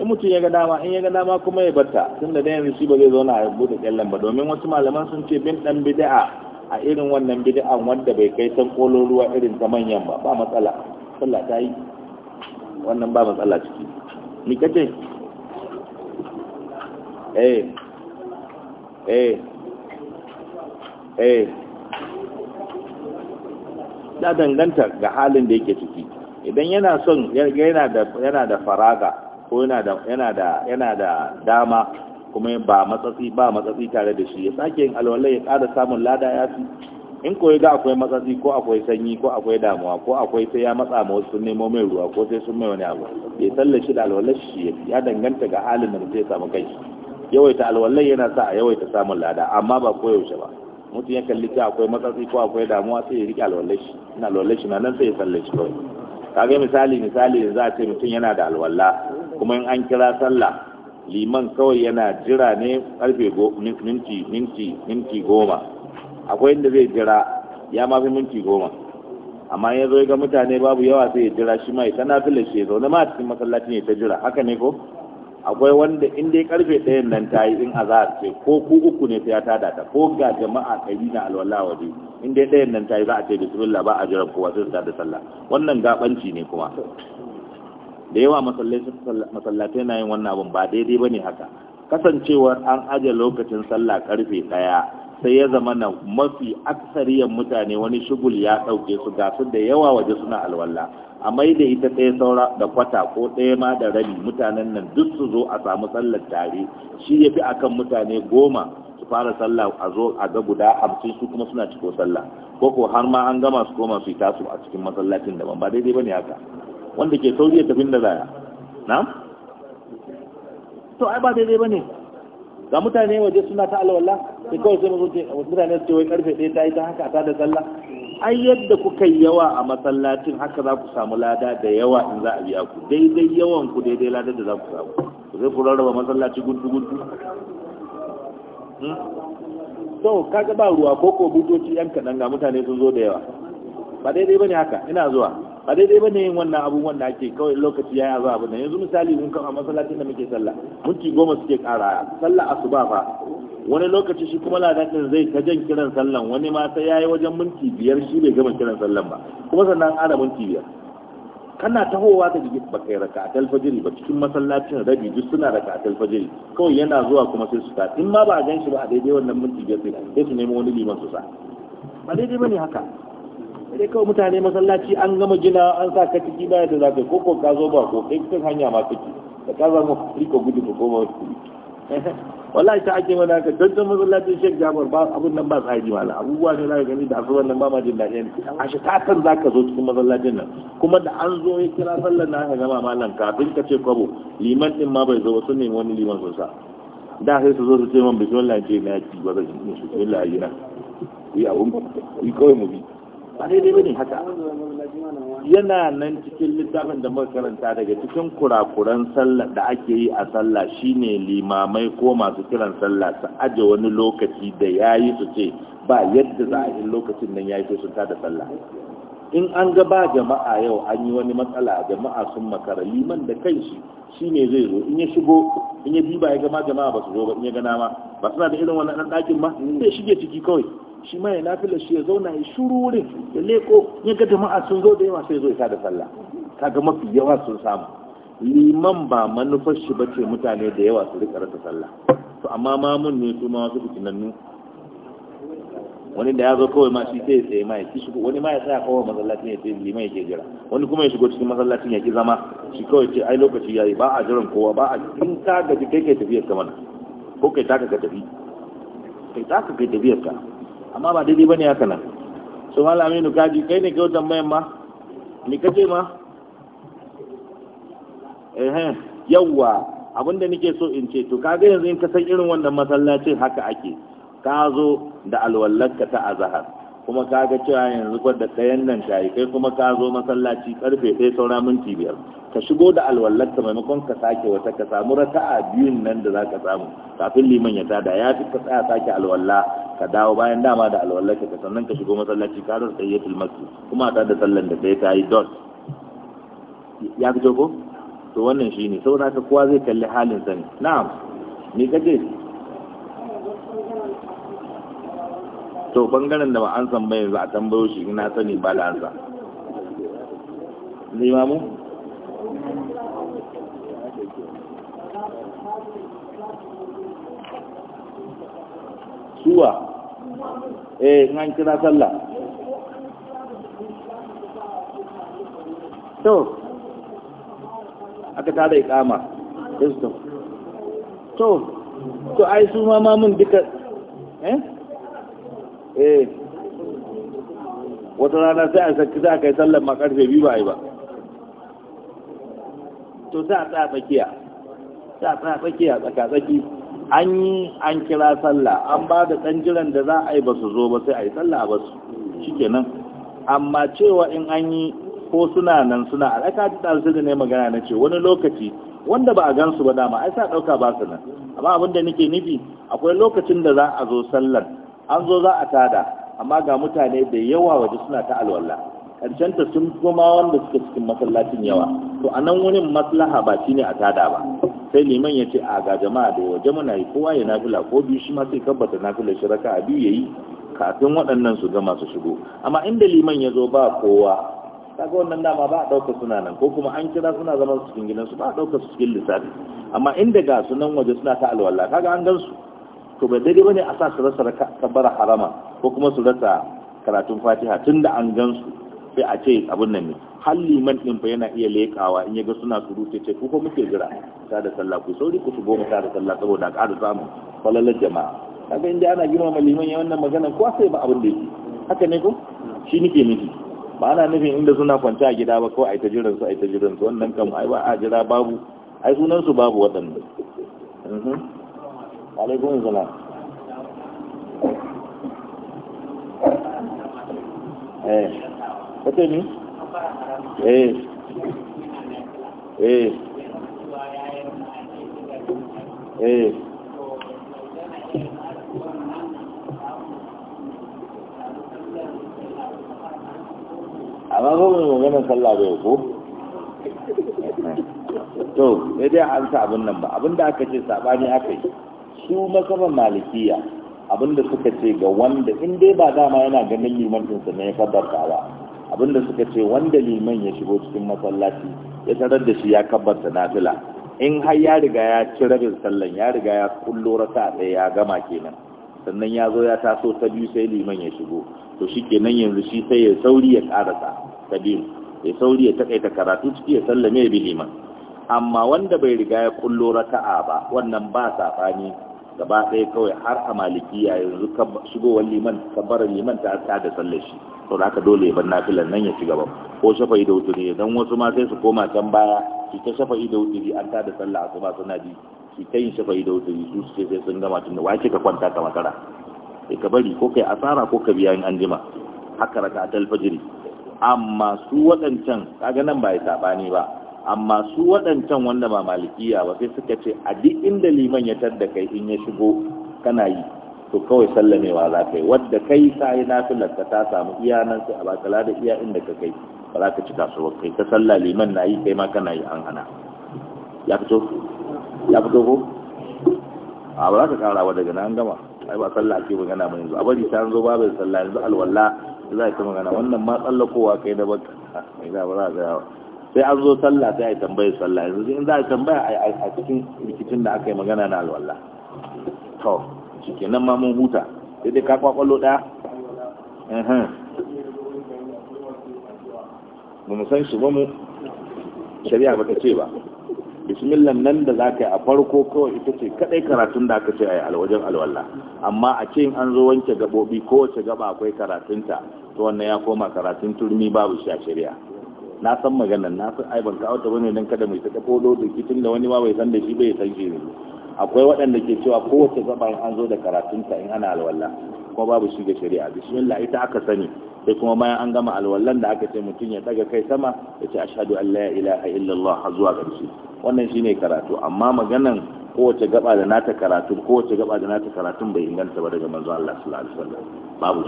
in mutum ya ga dama in ya ga dama kuma ya batta tun da yanzu shi ba zai zauna a buɗe kyallen ba domin wasu malaman sun ce bin ɗan bida'a a irin wannan bida'an wanda bai kai ta kololuwa irin ta manyan ba ba matsala sallah ta yi wannan ba matsala ciki ni kace eh eh eh da danganta ga halin da yake ciki idan yana son yana da faraga ko yana da dama kuma ba matsatsi ba matsatsi tare da shi ya sake yin alwalai ya ƙara samun lada ya fi in koyi ga akwai matsatsi ko akwai sanyi ko akwai damuwa ko akwai sai ya matsa ma wasu nemo mai ruwa ko sai sun mai wani abu ya sallashi da alwalar shi ya danganta ga halin da mutum ya samu kai yawaita alwalai yana sa a yawaita samun lada amma ba koyaushe ba mutum ya kalli ta akwai matsatsi ko akwai damuwa sai ya rike alwalai shi na alwalai shi na nan sai ya sallashi kawai kage misali misali da za a ce mutum yana da alwala kuma in an kira sallah liman kawai yana jira ne karfe minti minti minti goma akwai inda zai jira ya ma fi minti goma amma ya zo ga mutane babu yawa sai ya jira shi mai tana fila shi zaune ma a cikin masallaci ne ta jira haka ne ko akwai wanda in dai karfe ɗayan nan ta yi in azahar ce ko ku uku ne sai ya tada ko ga jama'a ɗari na alwala waje in dai ɗayan nan ta yi za a ce bismillah ba a jiran kowa sai su da sallah wannan gabanci ne kuma
da
yawa masallatai na yin wannan abun ba daidai ba ne haka kasancewar an ajiye lokacin sallah karfe ɗaya sai ya zama na mafi aksariyan mutane wani shugul ya ɗauke su ga su da yawa waje suna alwala a mai da ita ɗaya saura da kwata ko ɗaya ma da rabi mutanen nan duk su zo a samu sallar tare shi ya fi akan mutane goma su fara sallah a zo a ga guda hamsin su kuma suna ciko sallah ko ko har ma an gama su koma su yi tasu a cikin masallacin daban ba daidai bane haka wanda ke sauri ya tafi da zaya na to ai ba daidai bane ga mutane waje suna ta alwala sai kawai sai mutum mutane su ce wai karfe ɗaya ta yi ta haka ta da sallah ai yadda kuka yi yawa a masallacin haka za ku samu lada da yawa in za a biya ku daidai yawan ku daidai lada da za ku samu ku sai ku rarraba masallaci guntu guntu hmm? to kaga ba ruwa ko ko butoci yan kaɗan ga mutane sun zo da yawa ba daidai bane haka ina zuwa ba daidai ba ne yin wannan abubuwan da ake kawai lokaci ya za abu nan yanzu misali mun kama masallacin da muke sallah minti goma suke kara sallah asuba fa wani lokaci shi kuma ladatin zai ta jan kiran sallan wani ma sai yayi wajen minti biyar shi bai gama kiran sallan ba kuma sannan an minti biyar kana tahowa ta jigit ba kai raka alfajiri ba cikin masallacin rabi duk suna raka alfajiri kawai yana zuwa kuma sai su ta in ma ba a gan shi ba a daidai wannan minti biyar sai su nemo wani liman su sa ba daidai bane haka sai kawai mutane masallaci an gama gina an sa ka ciki baya da zafi ko ko ka zo ba ko kai kan hanya ma kake da ka za mu rika gudu ko koma wallahi ta ake mana ka dandan masallacin Sheikh Jabir ba abun nan ba tsari wala abubuwa ne zaka gani da asuban nan ba ma jin daɗi a shi ta san zaka zo cikin masallacin nan kuma da an zo ya kira sallar na ka gama mallan kafin ka ce kwabo liman din ma bai zo sun nemi wani liman sa da sai su zo su ce man bismillah ce na ci ba zan yi su bismillah yi na yi abun yi kawai mu bi ba daidai ba ne haka yana nan cikin littafin da muka karanta daga cikin kurakuran sallah da ake yi a sallah shine limamai ko masu kiran sallah su aje wani lokaci da yayi su ce ba yadda za a yi lokacin nan yayi su sun tada sallah in an ga ba jama'a yau an yi wani matsala jama'a sun makara liman da kai shi shi zai zo in ya shigo in ya diba ya gama jama'a ba su zo ba in ya gana ma ba suna da irin wannan dakin ma zai shige ciki kawai shi ma ya nafila shi ya zauna ya shuru wurin ya leko ya ga jama'a sun zo da yawa sai zo ya da sallah kaga mafi yawa sun samu liman ba manufar shi bace mutane da yawa su rika rasa sallah to amma ma mun ne su ma wasu fitinannu wani da ya zo kawai ma shi sai sai ma ya shigo wani ma ya tsaya kawai masallacin ya tsaye liman yake jira wani kuma ya shigo cikin masallacin ya ki zama shi kawai ce ai lokaci yayi ba a jiran kowa ba a in ka gaji kai kai tafiyar ka mana ko kai taka ka tafi kai taka kai tafiyar ka amma ba daidai bane haka nan so Aminu kaji kai ne kai tambayan ma ni kace ma eh yawa abinda nake so in ce to kaga yanzu in ka san irin wannan masallacin haka ake ka zo da alwallarka ta azhar kuma ka ga cewa yanzu da ɗayan nan ta yi kai kuma ka zo masallaci karfe sai saura minti biyar ka shigo da alwallarta maimakon ka sake wata ka samu raka'a biyun nan da za ka samu kafin liman ya tada ya fi ka tsaya sake alwalla ka dawo bayan dama da alwallarta ka sannan ka shigo masallaci ka rasa tayyatul masjid kuma ta da sallan da sai ta yi dot ya fito ko to wannan shine saboda ka kowa zai kalli halin sani na'am ni kace to bangaren da ba an san bai za a tambayo shi na sani ba da ansa mamu?
suwa eh
nan kira sallah to aka tada ikama
to to ai su ma mamun duka eh eh
wata rana sai a saki za a kai sallar ma karfe biyu ba a yi ba to sai a tsaya tsakiya sai a tsaya tsakiya tsaka-tsaki an yi an kira sallah an ba da ɗan jiran da za a yi ba su zo ba sai a yi sallah su basu nan. amma cewa in an yi ko suna nan suna alaka ta tsarsu da ne magana na ce wani lokaci wanda ba a gansu ba dama ai sa ɗauka ba su nan amma abin da nake nufi akwai lokacin da za a zo sallar an zo za a tada amma ga mutane da yawa waje suna ta alwala ta sun koma wanda suka cikin masallacin yawa to a nan wurin maslaha ba shi ne a tada ba sai liman ya ce a ga jama'a da waje muna yi kowa ya nafila ko biyu shi ma sai tabbata nafila shi raka a biyu ya yi, kafin waɗannan su gama su shigo amma inda liman ya zo ba kowa kaga wannan dama ba a ɗauka suna nan ko kuma an kira suna zaman su cikin gidansu ba a ɗauka su cikin lissafi amma inda ga sunan waje suna ta alwala kaga an gan su to bai daidai bane a sa su rasa kabbara harama ko kuma su rasa karatun fatiha tunda an gan su sai a ce abin nan ne har liman din fa yana iya lekawa in yaga suna surute ce ko ko muke jira ta da sallah ku sauri ku shigo mu ta da sallah saboda ƙara samu falalar jama'a kaga inda ana ma liman ya wannan magana ko sai ba abin da yake haka ne ko shi nake miki ba ana nufin inda suna kwanta a gida ba ko ai ta jiran su ai ta jiran su wannan kan ai ba a jira babu ai sunan su babu waɗanda mhm. alaikun salam eh kace ni
eh eh eh
amma ba mu magana sallah bai ko eh, eh. to sai dai an sa abin nan ba abin da aka ce sabani aka yi su mazhaban malikiya abinda suka ce ga wanda in dai ba dama yana ganin liman ɗinsa ne ya kabarta ba abinda suka ce wanda liman ya shigo cikin masallaci ya tarar da shi ya kabbarta nafila in har ya riga ya ci rabin sallan ya riga ya kullo raka ɗaya ya gama kenan sannan ya zo ya taso ta biyu sai liman ya shigo to shi kenan yanzu shi sai ya sauri ya karasa ta biyu ya sauri ya takaita karatu ciki ya sallame ya bi liman amma wanda bai riga ya kullo raka'a ba wannan ba safani. gaba ɗaya kawai har a malikiya yanzu shigowar liman kabbarar liman ta ta da sallar shi to da aka dole ban nafilan nan ya ci gaba ko shafa da wuturi dan wasu ma sai su koma can baya su ta shafa da wuturi an ta da sallah asuba suna ji. su ta yin shafa da wuturi su ce sai sun gama tun wa wace ka kwanta ka makara sai ka bari ko kai asara ko ka biya in an jima haka raka a talfajiri amma su waɗancan kaga nan ba ya saɓani ba amma su waɗancan wanda ba malikiya ba sai suka ce a duk inda liman ya tadda kai in ya shigo kana yi to kawai sallamewa za ka yi wadda kai ka yi fi ka ta samu iya nan sai a bakala da iya inda ka kai ba za ka ci kasuwar kai ta sallah liman na yi kai ma kana yi an hana ya fito ya fito ko a ba za ka karawa daga nan gama ai ba sallah ake magana ba yanzu a bari ta zo babu sallah yanzu alwala za ka magana wannan ma tsallakowa kai ah, da baka mai za ba za ka sai an zo sallah sai a yi tambayar sallah yanzu in za a tambaya a cikin rikicin da aka yi magana na alwallah to cikin nan ma mun huta sai dai ka
kwakwallo ɗaya
ba mu san shi ba mu shari'a ba ta ce ba bismillah nan da za ka yi a farko kawai ita ce kadai karatun da aka ce a yi wajen alwala amma a ce an zo wanke gabobi kowace gaba akwai karatunta to wannan ya koma karatun turmi babu shi a shari'a na san maganar na san ai ban auta bane dan kada mai ta kodo da kitin da wani ma bai san da shi bai san shi ne akwai waɗanda ke cewa kowace gaba an zo da karatunta in ana alwala kuma babu shi ga shari'a bismillah ita aka sani sai kuma bayan an gama alwallan da aka ce mutum ya daga kai sama ya ce ashhadu an la ilaha illallah har zuwa ƙarshe wannan shine karatu amma maganan kowace gaba da nata karatu kowace gaba da nata karatun bai inganta ba daga manzo Allah sallallahu alaihi wasallam babu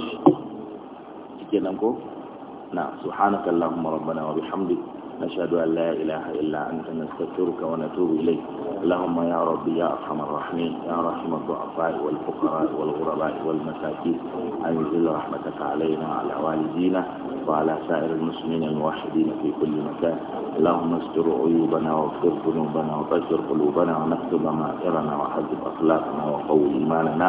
shi kenan ko نعم سبحانك اللهم ربنا وبحمدك نشهد أن لا إله إلا أنت نستغفرك ونتوب إليك اللهم يا ربي يا أرحم الراحمين يا رحم الضعفاء والفقراء والغرباء والمساكين أنزل رحمتك علينا وعلى والدينا وعلى سائر المسلمين الموحدين في كل مكان اللهم استر عيوبنا واغفر ذنوبنا وبشر قلوبنا ونكتب مائرنا وحذب أخلاقنا وقوي إيماننا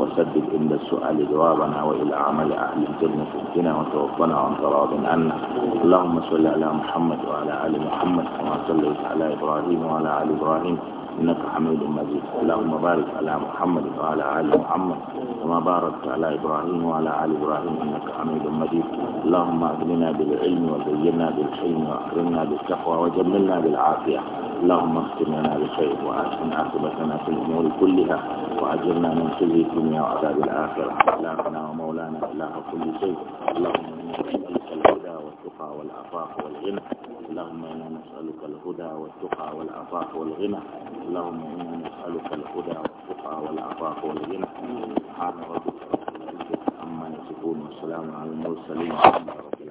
وسدد عند السؤال جوابنا وإلى عمل أهل الجنة فينا وتوفنا عن تراض عنا اللهم صل على محمد وعلى آل محمد كما صليت على إبراهيم وعلى آل إبراهيم إنك حميد مجيد اللهم بارك على محمد وعلى آل محمد كما باركت على إبراهيم وعلى آل إبراهيم إنك حميد مجيد اللهم أغننا بالعلم وزينا بالحلم وأكرمنا بالتقوى وجملنا بالعافية اللهم اختم لنا بخير وأحسن عاقبتنا في الأمور كلها وأجرنا من كل الدنيا وعذاب الآخرة إلهنا ومولانا إله كل شيء اللهم انك نسألك الهدى والتقى والعفاف والغنى اللهم إنا نسألك الهدى والتقى والعفاف والغنى اللهم إنا نسألك الهدى والتقى والعفاف والغنى سبحان ربك رب العزة عما يصفون والسلام على المرسلين